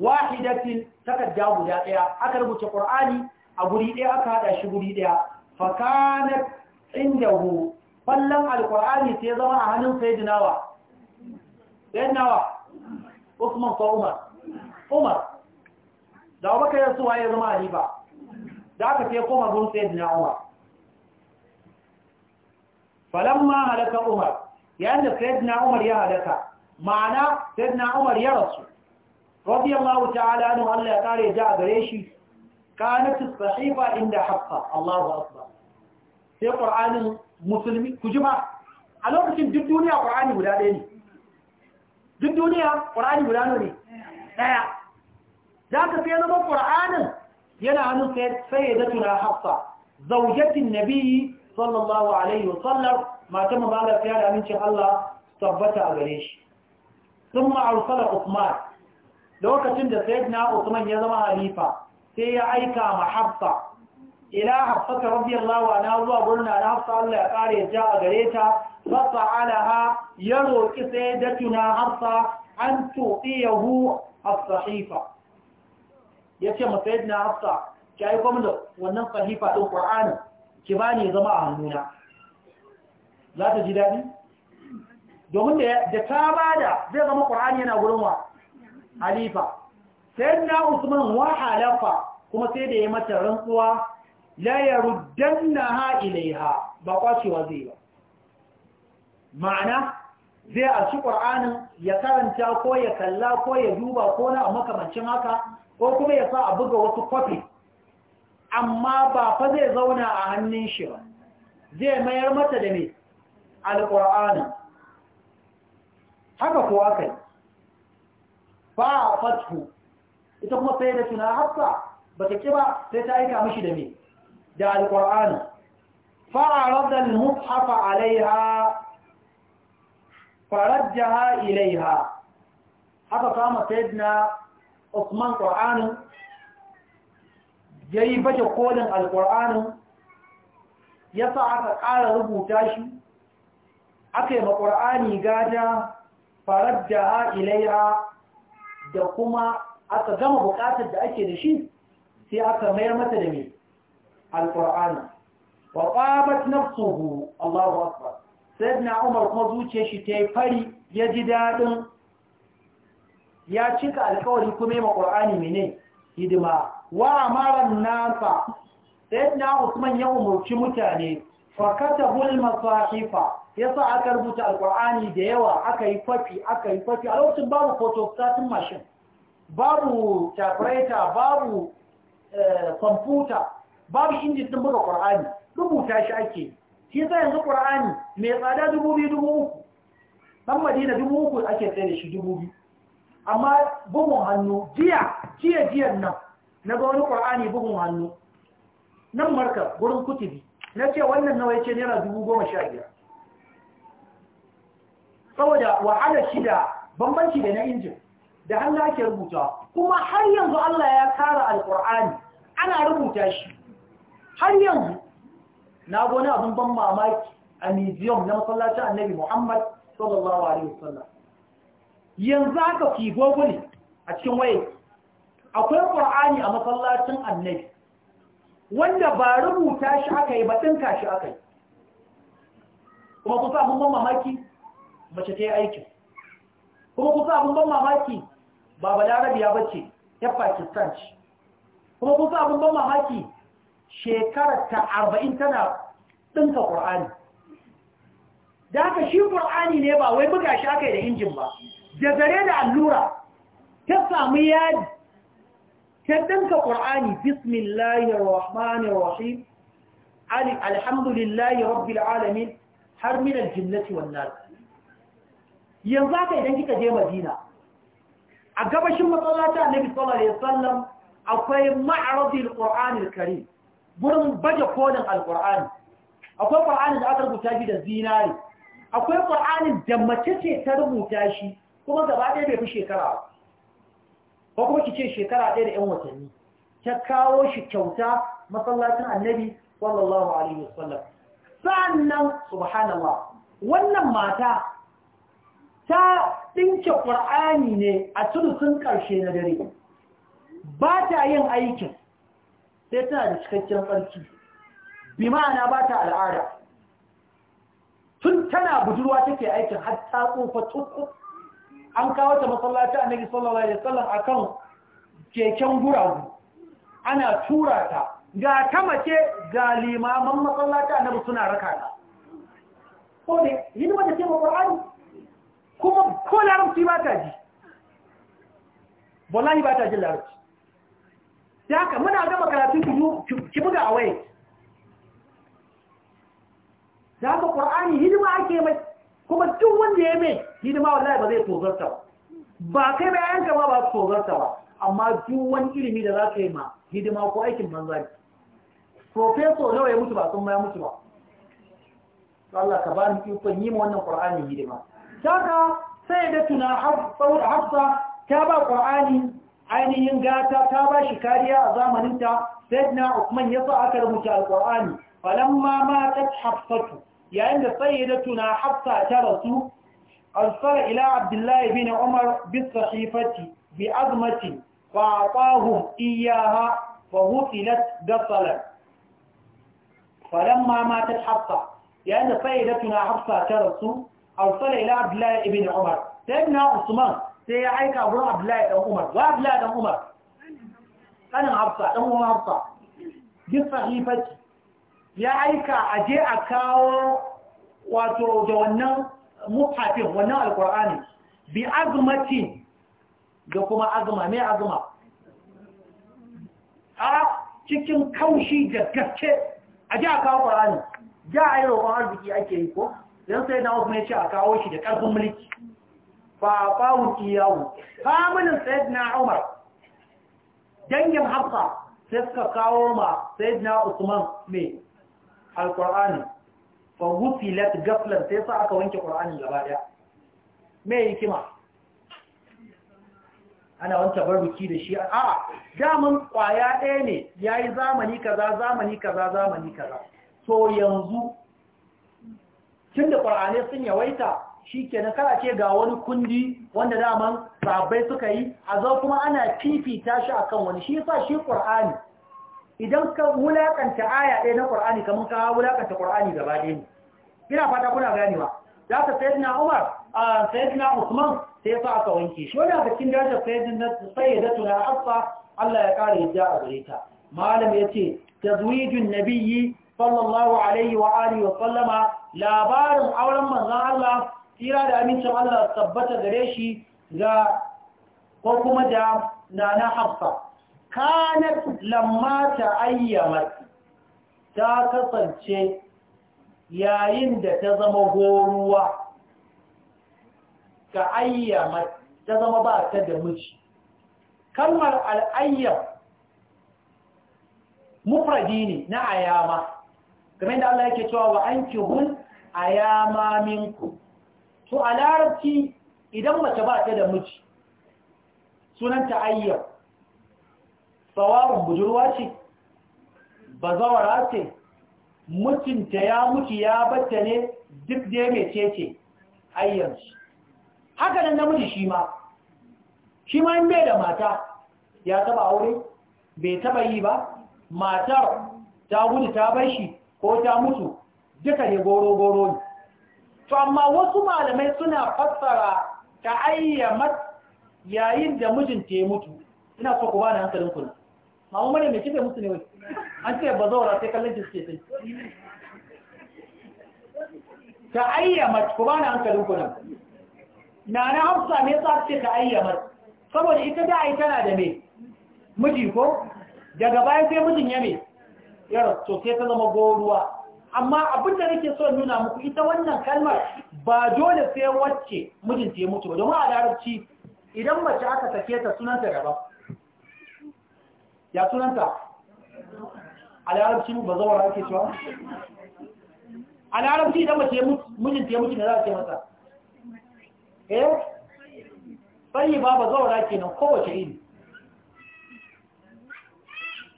[SPEAKER 1] wahidatin takarda guda ɗaya. aka rubuta qur'ani a guri ɗaya, aka haɗa shi guri ɗaya fa kanat indahu fallon alkur'ani sai zama a hannun sai dinawa ɗayan nawa usman ko umar umar da abubakar ya suwa ya zama halifa da aka sai koma gun sai dina umar falon ma halaka umar yayin da sai dina umar ya halaka ma'ana sai dina umar ya rasu radiyallahu ta'ala anu allah ya kare ja gare shi kanatu sahifa inda haka? allahu akbar sai qur'anin musulmi ku ji ba a lokacin duk duniya ƙwarani guda ɗaya ne duk duniya ƙwarani guda ne ɗaya za ka sai zama ƙwaranin yana hannun sai ya tuna hafsa zaujatin nabi sallallahu alaihi wasallam mata mabalar fiye da amincin Allah tabbata a gare shi sun ma'arsala Usman lokacin da na Usman ya zama halifa sai ya aika ma Hafsa ila hafsata radiyallahu anha zuwa gurin na hafsa Allah ya kare ta a gare ta fa ha ya roki sai da tuna hafsa an Hifa. as-sahifa yace yadda na hafsa kai kuma da wannan sahifa din Qur'ani ki bani zama a hannuna za ta ji dadi domin da ta bada zai zama Qur'ani yana gurin wa halifa na Usman wa halafa kuma sai da ya mata rantsuwa la yaruddannaha ilaiha ba kwacewa zai ba ma'ana zai a ci ƙur'anin ya karanta ko ya kalla ko ya duba ko na a makamancin haka ko kuma ya sa a buga wasu kwafi amma ba fa zai zauna a hannun shi ba zai mayar mata da mai alƙur'anin haka kuwa kai ba a fatku ita kuma sai da tuna haka ba ta ƙi ba sai ta aika mashi da mai da alƙur'ani fa'arada al-mushafa alaiha farajjaha ilaiha haka kama fedna Usman ya yayi baje kolin ya yasa aka ƙara rubuta shi aka ma qur'ani gaja farajjaha ilaiha da kuma aka gama buƙatar da ake da shi sai aka mayar mata da me alqur'ani wa qabat nafsuhu Allahu akbar sayyidina Umar kuma zuciyar shi tayi fari ya ji daɗin. ya cika alƙawari kuma ma qur'ani mene hidima wa amaran nasa sayyidina Usman ya umarci mutane fa katabu al-masahifa yasa aka rubuta alqur'ani da yawa aka yi kwafi aka yi kwafi a lokacin babu photostatin machine babu typewriter babu kwamfuta babu injin din buga qur'ani rubuta shi ake shi yasa yanzu qur'ani mai tsada dubu biyu dubu uku dan madina dubu uku ake tsaye da shi dubu biyu amma bugun hannu jiya jiya jiya nan na ga wani qur'ani bugun hannu nan marka gurin kutubi na ce wannan nawa yace naira dubu goma sha biyar saboda wahalar shida bambanci da na injin da hannu ake rubuta kuma har yanzu Allah ya kara alƙur'ani ana rubuta shi har yanzu na gona abin ban mamaki a museum na masallacin annabi muhammad sallallahu alaihi wasallam yanzu haka fi google a cikin waye akwai qur'ani a masallacin annabi wanda ba rubuta shi aka yi ba ɗinka shi aka yi kuma kusa abin ban mamaki mace ta yi aikin kuma kusa abin ban mamaki ba balarabiya ba ce ya pakistan ce kuma kusa abin ban mamaki shekarar arba'in tana ɗinka ƙur'ani da haka shi ƙur'ani ne ba wai buga shi aka yi da injin ba da zare da allura ta samu yadi ta ɗinka ƙur'ani bismillahir rahmanir rahim alhamdulillahi rabbil alamin har min aljinnati wannan. yanzu haka idan kika je madina a gabashin masallata annabi sallallahu alaihi wasallam akwai ma'aradul qur'anil karim gurin baje kolin alkur'ani akwai ƙur'anin da aka rubuta shi da zinari akwai ƙur'anin da mace ce ta rubuta shi kuma gaba ɗaya bai fi shekara ko kuma ki ce shekara ɗaya da 'yan watanni ta kawo shi kyauta masallacin annabi sallallahu alaihi wasallam sannan subhanallah wannan mata ta dinke ƙur'ani ne a sun ƙarshe na dare ba ta yin aikin sai tana da cikakken tsarki bi ma'ana ba ta al'ada tun tana budurwa take aikin har ta tsofa tsoko an kawo ta masallaci nagi sallallahu alaihi wasallam akan keken guragu ana tura ta ga ta mace ga limaman masallaci annabi suna raka ta ko ne ta ce ma qur'ani kuma ko larabci ba ta ji wallahi ba ta jin larabci da haka muna gama karatu ki buga a waye da haka ƙur'ani hidima ake mai kuma duk wanda ya mai hidima wallahi ba zai tozarta ba ba kai ba yayanka ba ba su tozarta ba amma duk wani ilimi da za ka yi ma hidima ko aikin banza ne professor nawa ya mutu ba sun maya mutu ba Allah ka bani ikon yi ma wannan ƙur'ani hidima saka sai da tuna hafsa ta ba ƙur'ani ainihin gata ta ba shi kariya a zamaninta sai na Uthman ya sa aka rubuta alƙur'ani falamma matat hafsatu yayin da na hafsa ta rasu arsala ila abdullahi bin umar bis sahifati bi azmati fa atahum iyyaha fa hutilat gasala falamma matat hafsa yayin da na hafsa ta rasu arsala ila abdullahi bin umar sayyidina Usman sai ya aika wurin abdullahi Ɗan umar wa abdullahi Ɗan umar kanin hafsa ɗan umar hafsa duk sahifaci ya aika a je a kawo wato da wannan muhafin wannan Alƙur'ani. bi azumaci da kuma azuma mai azuma. a cikin kaushi da gaske a je a kawo ƙur'ani. ja a yi roƙon arziki ake yi ko don sai na wasu ne ce a kawo shi da ƙarfin mulki fafawun iyawu faminin sayyidina umar dangin hafsa sai suka kawo ma sayyidina usman mai alkur'ani fa let gaflan sai sa aka wanke qur'ani gaba daya me hikima ana wanke barbuki da shi a'a daman kwaya ɗaya ne yayi zamani kaza zamani kaza zamani kaza to yanzu tunda qur'ani sun yawaita shi kenan kana ce ga wani kundi wanda daman sabai suka yi a zo kuma ana fifita shi akan wani shi yasa shi qur'ani idan ka wulaƙanta aya ɗaya na qur'ani kamun ka wulaƙanta qur'ani gaba ɗaya ne ina fata kuna ganewa za ka sayyidina Umar a Usman sai ya sa aka wanke shi wani a cikin darajar sayyidina sayyidatuna Hafsa Allah ya kare yadda a gare ta malam yace tazwijun nabiyyi sallallahu alaihi wa alihi wa sallama labarin auren manzon Allah tira da amincin Allah tabbata gare shi ga ko kuma da nana hafsa kanat lamma ta ayyamar ta kasance yayin da ta zama goruwa ka ayyamar, ta zama ba ta da miji Kamar al'ayyam mufradi ne na ayama game da Allah yake cewa wa ankihun ayama minku to a larabci idan mace ba ta da miji sunanta ayyar tsawon bujurwa ce ba zawara ce mutunta ya mutu ya batta ne duk da ya mece ce ayyansu haka nan namiji shi ma shi ma da mata ya taba aure bai taba yi ba matar ta gudu ta bar shi ko ta mutu duka ne goro-goro ne to amma wasu malamai suna fassara ta ayyamat yayin da mijinta ya mutu ina so ku bani hankalin ku mamu mare mai kike mutu ne wai an ce ba sai kallon jiske sai ta ayyamat ku bani hankalin ku na na hafsa ne yasa ce ta ayyamat saboda ita da ai tana da me miji ko daga baya sai mijin ya me yaro to sai ta zama goruwa amma abin da nake so nuna muku ita wannan kalmar ba dole sai wacce mijinta ya mutu ba domin a larabci idan mace aka sake ta sunanta daban ya sunanta a larabci ba zaura ake cewa a larabci idan mace mijinta ya mutu ne za a ce masa eh sai ba ba zaura kenan kowace iri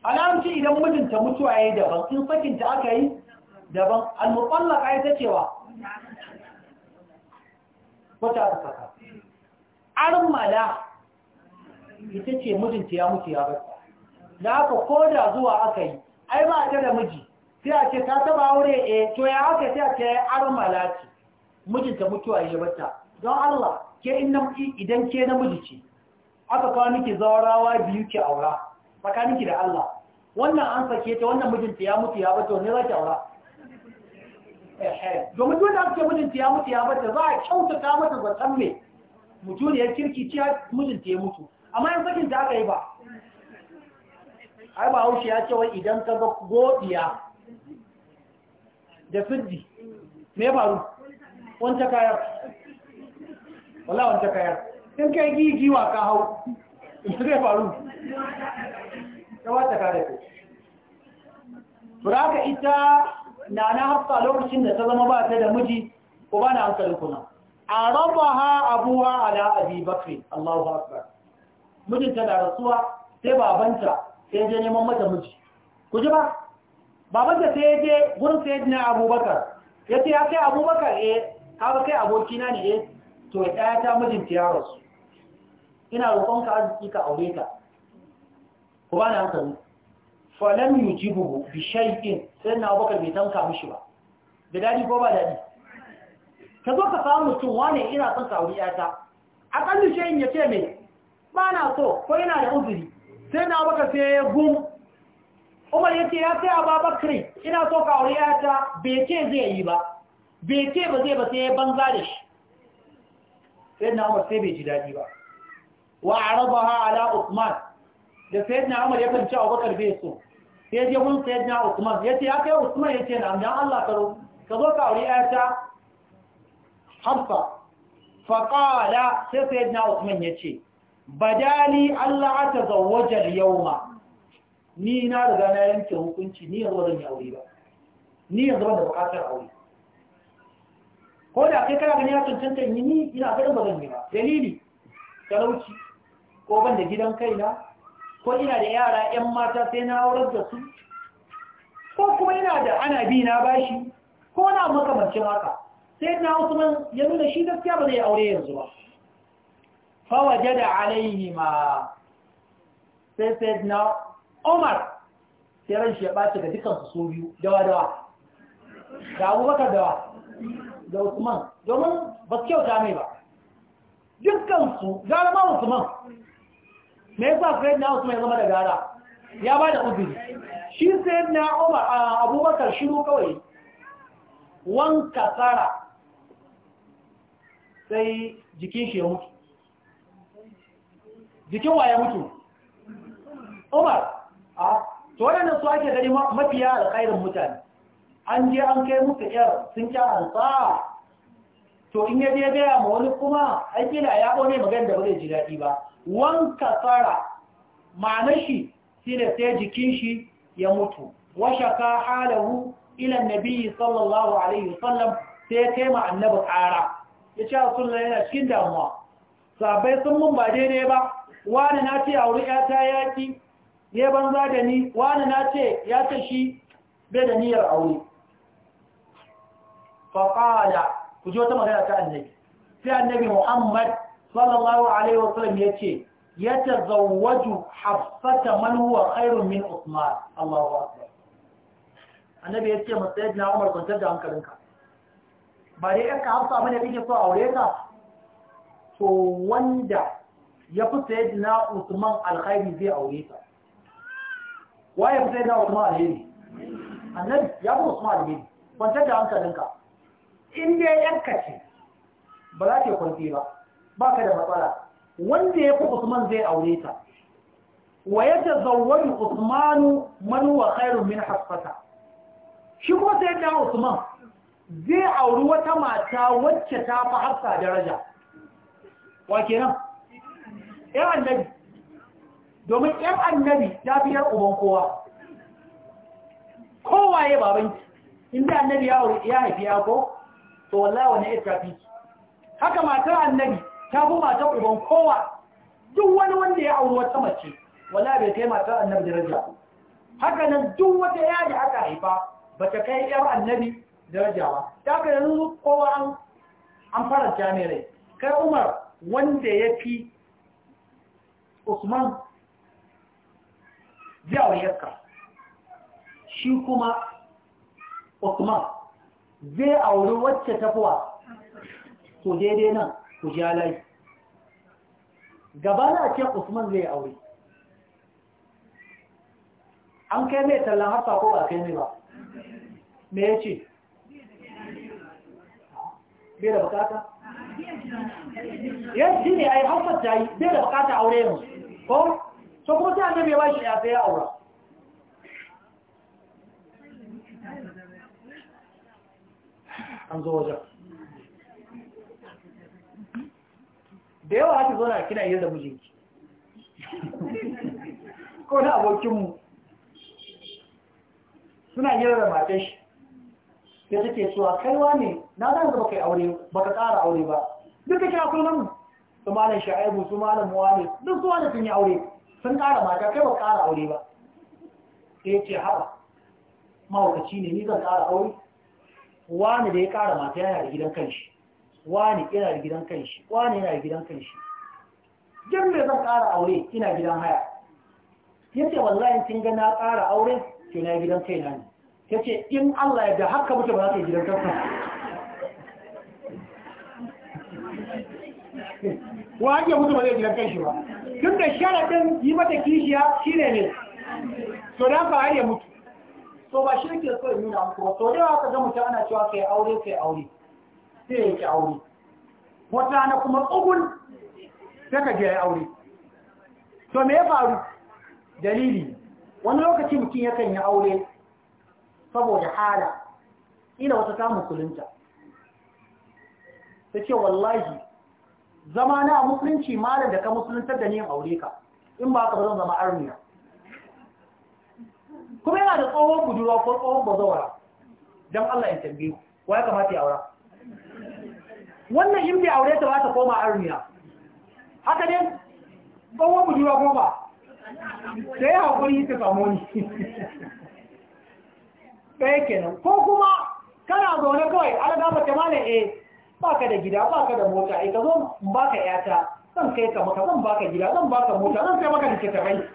[SPEAKER 1] a larabci idan mijinta mutuwa ya yi daban in sakinta aka yi daban al-mutallaka ita cewa wata aka saka armala ita ce mijinta ya mutu ya bar da haka ko da zuwa aka yi ai ba ta da miji sai a ce ta taba aure eh to ya haka sai a ce armala ce mijinta mutuwa ya bata don Allah ke idan ke namiji ce aka kawo miki zawarawa biyu ke aura tsakaninki da Allah wannan an sake ta wannan mijinta ya mutu ya bata ne za ki aura domin duk da ake mijinta ya mutu ya bata za a kyautata mata zaton mai mutuniyar kirki ciya mijinta ya mutu amma yan sakin da aka yi ba ai ba haushe ya ce wai idan ka ga godiya da siddi me faru wanta kayar wala wanta kayar in kai gigiwa ka hau in zai faru ta wata kare ko. Turaka ita na na hafsa lokacin da ta zama ba ta da miji ko ba na hankali kuna a raba ha abuwa ala abi bakri allahu akbar mijinta na rasuwa sai babanta sai je neman mata miji ku ji ba babanta sai je gurin sai na abubakar ya ce ya kai abubakar eh ka kai abokina ne eh to ya ɗaya ta mijinta ya rasu ina roƙonka arziki ka aure ta ku ba na hankali falam yujibuhu bi shay'in sai na abubakar bai tanka mishi ba da dadi ko ba dadi ka zo ka samu mutum wane ina son ka wuri yata kan shayin ya ce mai ba na so ko yana da uzuri sai na abubakar sai ya gum umar ya ce ya sai abubakar ina so ka wuri yata bai ce zai yi ba bai ce ba zai ba sai ya banza da shi sai na umar sai bai ji dadi ba wa arabaha ala usman da sai na umar ya kanci abubakar bai so sai je hun sai na Usman ce ya kai Usman ce na dan Allah karo ka zo ka aure ayata Hafsa fa qala sai sai na Usman ce. badali Allah ta zawaja al-yawma ni na riga na yanke hukunci ni yanzu zan yi aure ba ni yanzu ban da bukatar aure ko da kai kana gani ya cancanta yi ni ina ganin ba zan yi ba dalili talauci ko ban da gidan kaina ko ina da yara 'yan mata sai na aurar da su ko kuma ina da ana bi na bashi ko na makamancin haka sai na man ya nuna shi gaskiya ba zai aure yanzu ba fawaje da alaihi ma sai sai na omar sai ran shi ya ɓace ga dukansu su biyu dawa-dawa da abubakar dawa da usman domin ba su kyauta mai ba dukkansu gara ma usman me yasa Fred na Usman ya zama da gara ya ba da uzuri shi sai na Umar a Abubakar shiru kawai wanka tsara sai jikin shi ya mutu jikin wa ya mutu Umar a to wadannan su ake gani mafiya kairin mutane an je an kai musu yar sun kya ansa to in ya je gaya ma wani kuma aikila ya kone magana da bude ji daɗi ba wanka tsara ma'ana shi shine sai jikin shi ya mutu washaka halahu ila nabi sallallahu alaihi sallam sai kai ma ƙara ya ce rasulullah yana cikin damuwa sabai sun mun ba daidai ba wani na ce auri ƴata yaki ya banza da ni wani na ce ya ta shi bai da niyyar aure ku ji wata magana ta annabi sai annabi Muhammad sallallahu alaihi wasallam yace yatazawwaju hafsata man huwa khairun min Usman Allahu akbar annabi yace mu sayyidina Umar kwantar da hankalinka ba dai yanka hafsa bane kike so aure ka to wanda ya fi sayyidina Usman alkhairi zai aure ka ya fi sayyidina Usman alheri annabi ya fi Usman alheri kwantar da hankalinka in dai yanka ce ba za ta kwanci ba ba ka da matsala wanda ya fi usman zai aure ta wa ya tazawwaju usmanu man kairun min haskata. shi ko sai da usman zai auri wata mata wacce ta fi hafsa daraja wa kenan ya annabi domin ya annabi ta fi ƴan uban kowa ya babanki inda annabi ya haifi ya ko to wallahi wani iska fi haka matar annabi ta fi matar uban kowa duk wani wanda ya auri wata mace wallahi bai kai matar annabi daraja haka nan duk wata ya da aka haifa ba ta kai yar annabi daraja ba ta ka yanzu kowa an an faranta ne kai umar wanda ya fi usman zai yaka. shi kuma usman zai auri wacce tafiwa to daidai nan ku ja layi gaba na ce usman zai aure an kai mai tallan harfa ko ba kai mai ba me ya ce bai da bukata yanzu ne a yi haifar ta yi bai da bukata aure yanzu ko so kuma sai an zai ba shi ya sai ya aura an zo wajen da yawa haka zo na kina yi da mijinki ko na abokinmu suna yi da matan shi ya suke suwa kaiwa ne na zan zaba kai aure baka tsara aure ba Duk da shi akwai nan su malam sha'aibu su malam ne? duk zuwa da sun yi aure sun kara mata kai ba kara aure ba sai ya ce haɓa mahaukaci ne ni zan kara aure wani da ya kara mata yana da gidan kanshi wani yana da gidan kanshi wani yana da gidan kanshi duk mai zan kara aure ina gidan haya yace wallahi kin ga na kara aure to na gidan kai na ne yace in Allah ya da haka mutu ba za ka gidan kanka (laughs) wa ake mutu ba zai gidan kanshi ba tun da sharaɗin yi mata kishiya shine ne to da ka ya mutu to ba shi ke so nuna muku ba to da yawa ka ga mutum ana cewa kai aure kai aure sai ya ki aure wata na kuma tsogun sai ka je ya aure to me ya faru dalili wani lokaci mutum kan yi aure saboda hala ina wata ta musulunta ta ce wallahi zama na musulunci malar da ka musuluntar da ni aure ka in ba ka ba zan zama arniya kuma yana da tsohon budurwa ko tsohon bazawara don Allah ya tambi wa ya kamata ya aura wannan in aure ta ba ta koma arniya haka ne tsohon budurwa ko ba sai hakuri ta samu ni ɗaya kenan ko kuma kana zaune kawai ala gama ta mana eh baka da gida baka da mota eh ka zo baka yata zan kai ka maka zan baka gida zan baka mota zan kai maka da tabai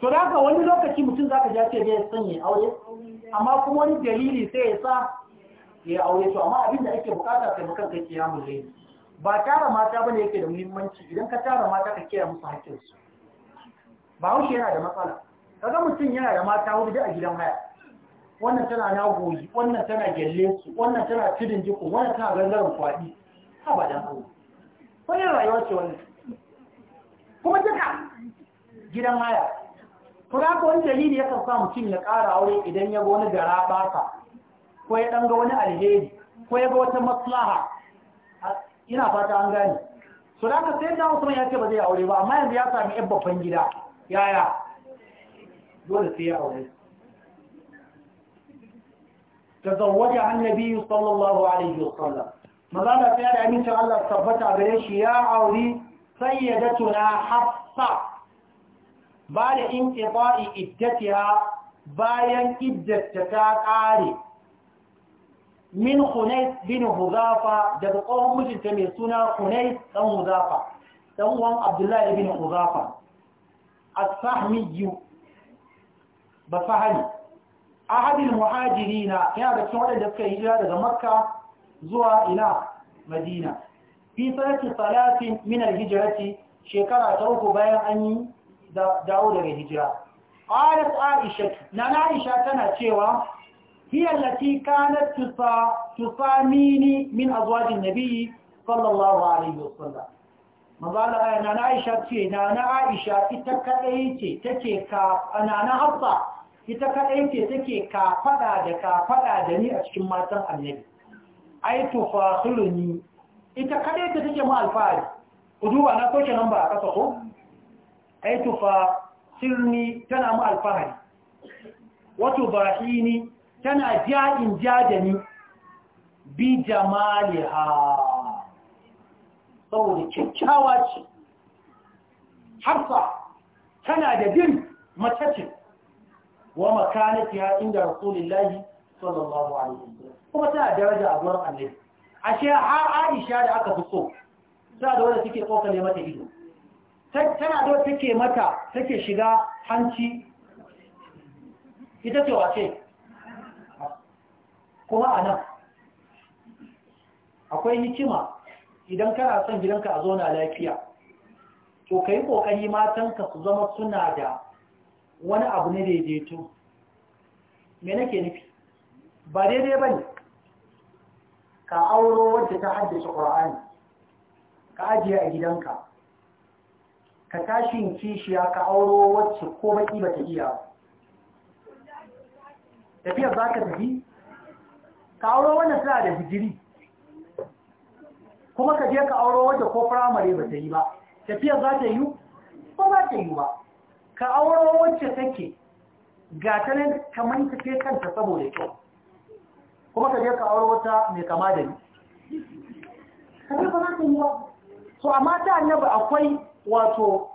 [SPEAKER 1] to da haka wani lokaci mutum za ka ja ce zai sanya aure amma kuma wani dalili sai ya sa ya aure to amma abin da ake bukata sai bukan kai mu zai ba tara mata bane yake da muhimmanci idan ka tara mata ka kiyaye musu su ba haushe yana da matsala kaga mutum yana da mata hudu a gidan haya wannan tana goyi wannan tana gyalle su wannan tana tudin jiku wannan tana gangaren ba dan Allah wannan rayuwa ce wannan kuma duka gidan haya to da haka wani dalili yakan sa mutum ya ƙara aure idan ya ga wani gara ɓata ko ya ɗan ga wani alheri ko ya ga wata maslaha ina fata an gane so da haka sai da Usman ya ce ba zai aure ba amma yanzu ya sami yan babban gida yaya dole sai ya aure tazawwaja annabi sallallahu alaihi wa sallam. maza da tsaya da amincin Allah tabbata gare shi ya auri sayyidatuna Hafsa ba da in ƙifa'i iddatiya bayan iddatta ta ƙare min hunais bin huzafa daga ƙwon mijinta mai suna hunais ɗan huzafa ɗan uwan abdullahi bin huzafa as-sahmiyu ba sahani ahadin muhajirina yana da cikin waɗanda suka yi jira daga makka zuwa ina madina fi sanati salafin min al shekara ta uku bayan an yi dawo daga hijira qalat aisha nana aisha tana cewa hiya allati kanat tusa tusamini min azwajin nabiy sallallahu alaihi wasallam mazala eh, nana aisha ce nana aisha ita kadai ce take ka nana hafsa ita kadai ce take ka fada da ka fada da ni a cikin matan annabi ai tufakhiruni ita kadai ce take ma alfahari ku duba na soke nan ba a kasa ko ai tufa sirni tana mu alfahari wato bahini tana ja'in jadani bi jamaliha saboda kyakkyawa ce harfa tana da din mace ce wa makanati ha inda rasulullahi sallallahu alaihi wasallam kuma tana daraja a gurin annabi ashe a Aisha da aka fi so ta da wanda take kokale mata ido tana da take mata take shiga hanci ita ce wace kuma a nan akwai hikima idan kana son gidanka a zona lafiya to ka yi ƙoƙari matanka su zama suna da wani abu na daidaito me nake nufi ba daidai ba ne ka auro wadda ta haddace ƙura'ani ka ajiye a gidanka ka tashin kishiya ka auro wacce ko baki ba ta iya tafiyar za ka tafi ka auro wanda suna da digiri kuma ka je ka auro wacce ko firamare ba ta yi ba tafiyar za ta yi ba za ta yi ba ka auro wacce take ga ta nan kamar ta ke kanta saboda kyau kuma ka je ka auro wata mai kama da ni ka ba za ta yi ba so a mata annabi akwai wato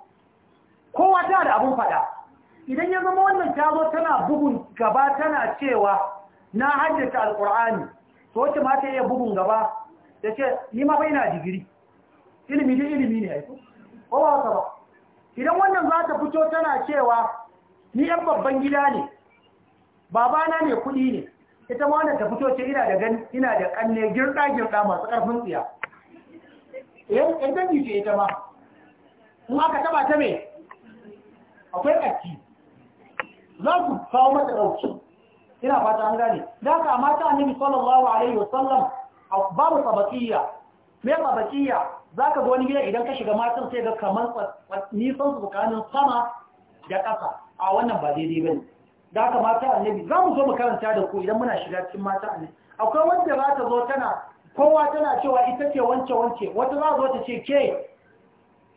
[SPEAKER 1] kowa ta da abun fada idan ya zama wannan ta zo tana bugun gaba tana cewa na haddace alkur'ani to wacce ma ta iya bugun gaba ta ce ni ma bai na digiri ilimi ne ilimi ne haifu Kowa ba ba idan wannan za ta fito tana cewa ni yan babban gida ne babana ne kuɗi ne ita ma wannan ta fito ce ina da gani ina da kanne girda girda masu karfin tsiya eh idan ce ita ma in aka taba ta mai akwai ƙarfi za ku kawo mata ɗauki ina fata an gane da ka mata annabi sallallahu alaihi wasallam babu sabakiyya me sabakiyya za ka ga wani gida idan ka shiga matan sai ga kamar nisan su tsakanin sama da ƙasa a wannan ba daidai ba ne da ka mata annabi za mu zo mu karanta da ku idan muna shiga cikin mata annabi akwai wanda za ta zo tana kowa tana cewa ita ce wance wance wata za zo ta ce ke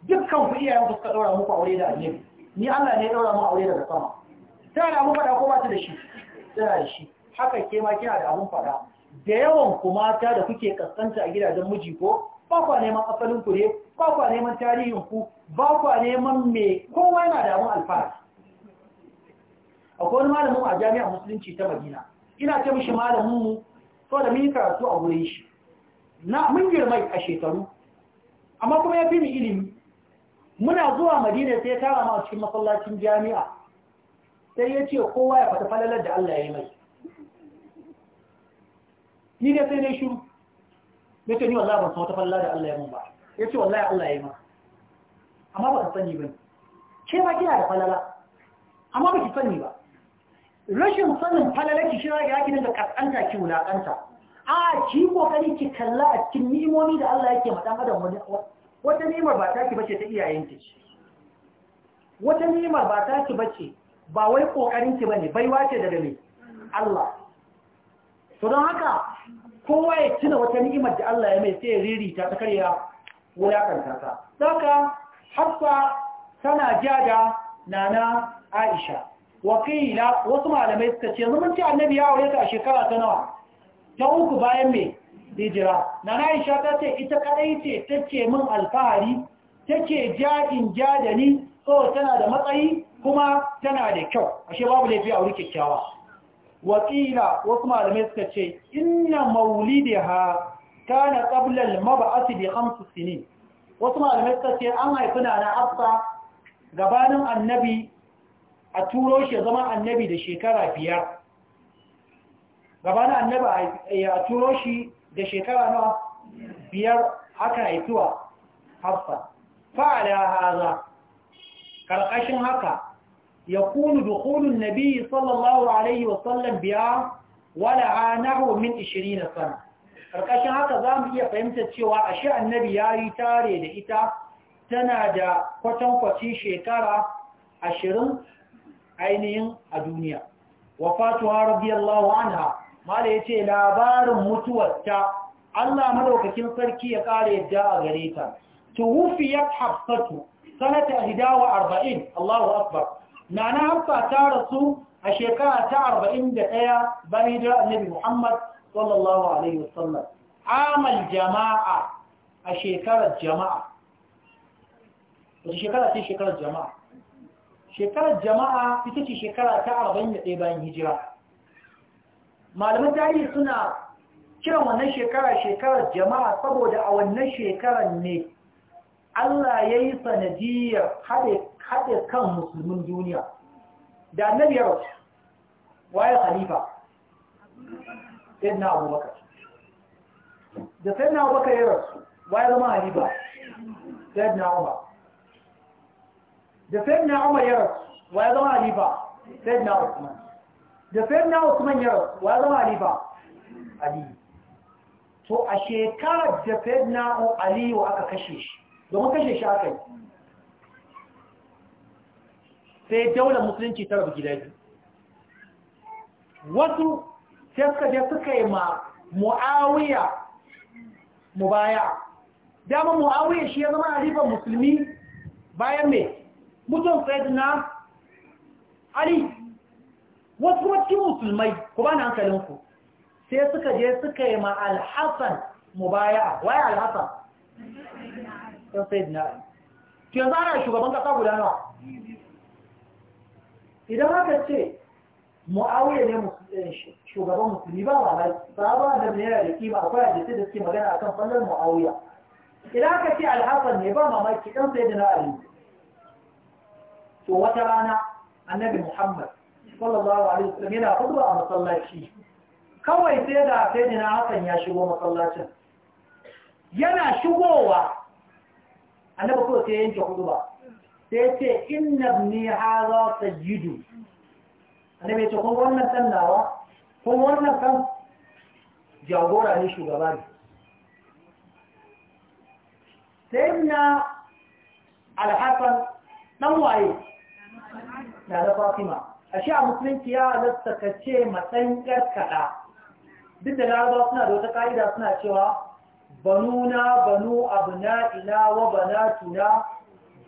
[SPEAKER 1] dukkan ku iyayen ku suka ɗaura muku aure da annabi ni Allah ne ya daura mu aure daga sama sai da mu faɗa ko ba ta da shi tana da shi haka ke ma kina da abun faɗa da yawan ku mata da kuke kaskanta a gidajen miji ko ba kwa neman asalin ku ne ba kwa neman tarihin ku ba kwa neman me kowa yana da abun alfara akwai wani malamin a jami'ar musulunci ta madina ina ce mishi malamin mu so da mun karatu a wurin shi na mun girma a shekaru amma kuma ya fi ni ilimi muna zuwa madina sai tara ma cikin masallacin jami'a sai ya ce kowa ya fata falalar da Allah ya yi mai ni da sai na shiru ya ce ni wallah ban san wata falala da Allah ya mun ba ya ce wallahi Allah ya yi ma amma ba ka sani ba ke ma kina da falala amma ba ki sani ba rashin sanin falala ki shira ga kinin da kaskanta ki wulakanta a ki kokari ki kalla a cikin nimomi da Allah yake ma dan adam wani wata nema ba taki bace ta iyayenki ce wata nema ba taki bace ba wai kokarin ki bane baiwa ce daga me Allah to don haka kowa ya tuna wata ni'imar da Allah ya mai sai riri ririta ta karya kanta ta saka hafsa tana jada nana Aisha wakila wasu malamai suka ce ci annabi ya aure ta shekara ta nawa ta uku bayan me hijira na Aisha ta ce ita kadai ce tace min alfahari tace jajin jadani ko tana da matsayi kuma tana da kyau ashe babu laifi a wuri kyakkyawa wakila wasu malamai suka ce inna maulidaha kana qabla al-mab'ath bi khams sinin wasu malamai suka ce an haifi na na gabanin annabi a turo shi zama annabi da shekara biyar gabanin annabi a turo shi da shekara nawa biyar aka haifiwa hafsa fa'ala haza karkashin haka ya kunu dukulun nabi sallallahu alaihi wasallam biya wala a min 20 sana karkashin haka za mu iya fahimtar cewa ashe annabi ya yi tare da ita tana da kwatankwaci shekara ashirin ainihin a duniya wafatuwa radiyallahu anha mala ya ce labarin mutuwarta Allah madaukakin sarki ya kare yadda a gare ta ya hafsatu sanata hidawa arba'in Allahu akbar nana hafsa ta rasu a shekara ta arba'in da ɗaya bayan hijira annabi Muhammad sallallahu alaihi wasallam amal jama'a a shekarar jama'a wace shekara ce shekarar jama'a shekarar jama'a ita ce shekara ta arba'in da ɗaya bayan hijira malaman tarihi suna kiran wannan shekara shekarar jama'a saboda a wannan shekarar ne Allah ya yi sanadiyar haɗe kan musulmin duniya da na ya rasu waye khalifa ɗin abubakar da na abubakar ya rasu waye zama khalifa sayyidina umar da na umar ya rasu waye zama khalifa sayyidina usman da sayan na wasu ya wa zama ali ba ali to a shekarar da sayan na ali wa aka kashe shi domin kashe shi aka yi sai daula musulunci tara rabu gida biyu wasu sai suka je suka yi ma mu'awiya mu baya dama mu'awiya shi ya zama alifan musulmi bayan mai mutum na ali wasu wacce musulmai ku ba na hankalinku sai suka je suka yi ma alhassan mubaya waye alhassan yau sai dina ke zara shugaban kasa guda nawa idan haka ce mu'awiyar ne eh, shugaban musulmi ba mamai sabon da yana da kima akwai ajiyar da suke magana a kan fannin mu'awiyar idan haka ce alhassan ne ba mamaki ɗan sai dina a to wata rana annabi muhammad sallallahu alaihi wasallam yana hudu a masallaci kawai sai da sai na hakan ya shigo masallacin yana shigowa annabi ko sai yanke hudu ba sai ce inna ibni hadha sajidu annabi ce kun wannan san nawa kun wannan san jagora ne shugaba ne sai na alhassan dan waye na da fatima a sha musulunci ya halatta ka ce matsayin karkada duk da larabawa suna da wata ka'ida suna cewa banuna banu abna'ina wa banatuna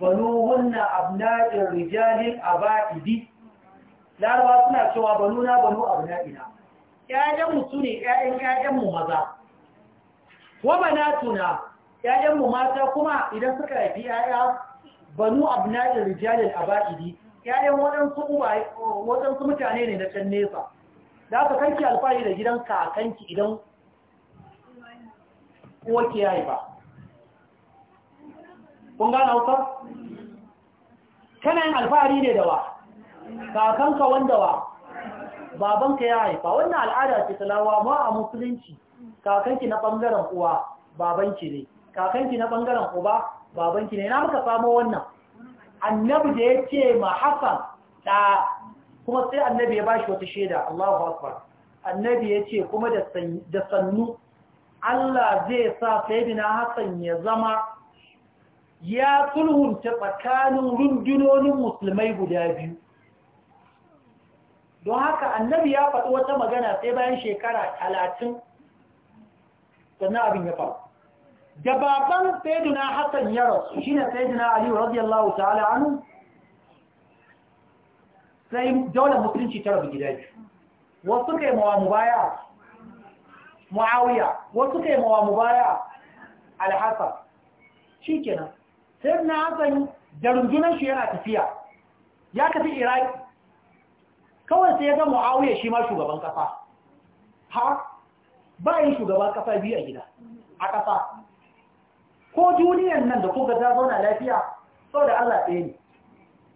[SPEAKER 1] banuhunna abna'ir rijalil aba'idi larabawa suna cewa banuna banu abna'ina ƴaƴanmu su ne ƴaƴan ƴaƴanmu maza wa tuna ƴaƴanmu mata kuma idan suka haifi ƴaƴa banu abu abna'ir rijalil aba'idi yayin waɗansu mutane ne na can nesa da aka kanki alfahari da gidan kakanki idan uwarki ya yi ba kun gane hausa? kana yin alfahari ne da wa kakanka wanda wa babanka ya haifa wannan al'ada ce talawa ma a musulunci kakanki na ɓangaren uwa babanki ne kakanki na ɓangaren uba babanki ne na muka samo wannan annabi da ya ce ma Hassan da kuma sai annabi ya ba shi wata shaida Allahu akbar annabi ya ce kuma da sannu Allah zai sa sayyidina Hassan ya zama ya sulhunta tsakanin rundunonin musulmai guda biyu don haka annabi ya faɗi wata magana sai bayan shekara talatin sannan abin ya faru جبابان سيدنا حسن يرو شين سيدنا علي رضي الله تعالى عنه سي دولة مسلم شي ترى بجداج وصوك موا مبايع معاوية وصوك موا مبايع على حسن شي كنا سيدنا حسن جرنجونا شو يرى تفيا يا كفي إيراي kawai sai ga muawiya shi ma shugaban kasa ha bayan shugaban kasa biyu a gida ko duniyan nan da kuka ta zauna lafiya sau da Allah ɗaya ne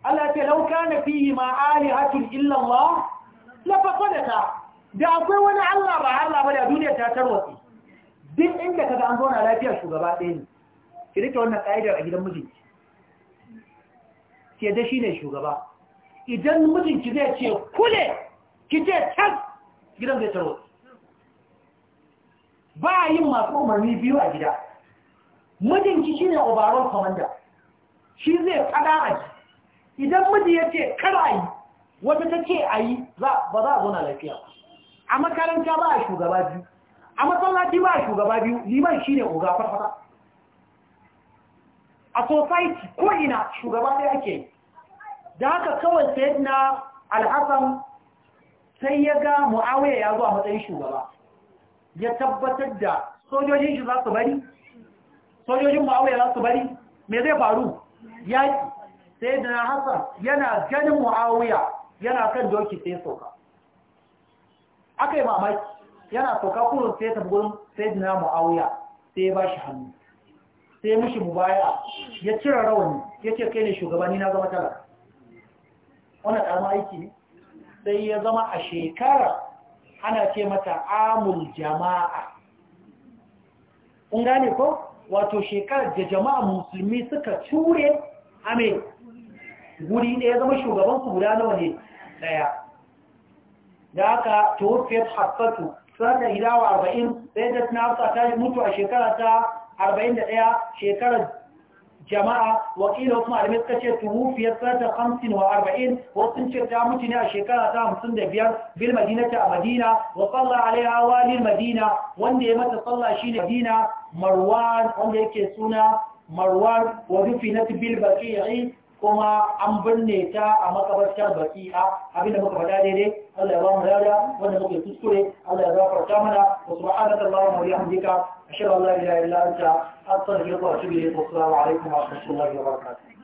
[SPEAKER 1] Allah ya ce lauka na fiye ma'ali hatun illallah lafafa da ta da akwai wani Allah ba Allah ba da duniya ta tarwatsi duk inda kaga an zauna lafiyar shugaba ɗaya ne ki rike wannan ƙa'idar a gidan mijinki ke da shi ne shugaba idan mijinki zai ce kule ki ce tas gidan zai tarwatsi ba yin masu umarni biyu a gida mijinki ne obaron komanda shi zai kada a ki idan miji ya ce kar a yi wata ta ce a yi ba za a zauna lafiya a makaranta ba a shugaba biyu a masallaci ba a shugaba biyu liman shi ne oga farfata a society ko ina shugaba ɗaya ake yi da haka kawai sayid na alhassan sai ya ga mu'awiyar ya zo a matsayin shugaba ya tabbatar da sojojin shi za su bari sojojin mu'awiya za su bari me zai faru yaki sai da hasan yana ganin mu'awiya yana kan doki sai soka aka yi mamaki yana soka kurun sai ta gurin sai da mu'awiya sai ba shi hannu sai mu mubaya ya cire rawani ya ce kai ne shugabanni na zama talaka wannan ƙarama aiki ne sai ya zama a shekara ana ce mata amul jama'a. Un gane ko? wato shekarar da jama'a musulmi suka ture a mai guri ɗaya zama shugabansu guda nawa ne ɗaya da aka tofiyar hassatu da idawa arba'in sai da na ta mutu a shekara ta arba'in shekarar jama'a wakila wasu malamai suka ce tuwufiyar sata hamsin wa arba'in wasu ce ta mutu ne a shekara ta hamsin da biyar bil madinata a madina wa sallah alaiha walin madina wanda ya mata sallah shi ne madina marwan wanda yake suna marwan wa rufinat bil baqi'i kuma an binne ta a makabartar abin abinda muka faɗa daidai Allah ya ba mu dada wanda muke kuskure Allah ya gafarta mana wa subhanaka allahumma wa bihamdika ashhadu an la ilaha illa anta astaghfiruka wa atubu ilayk wa assalamu alaikum wa rahmatullahi wa barakatuh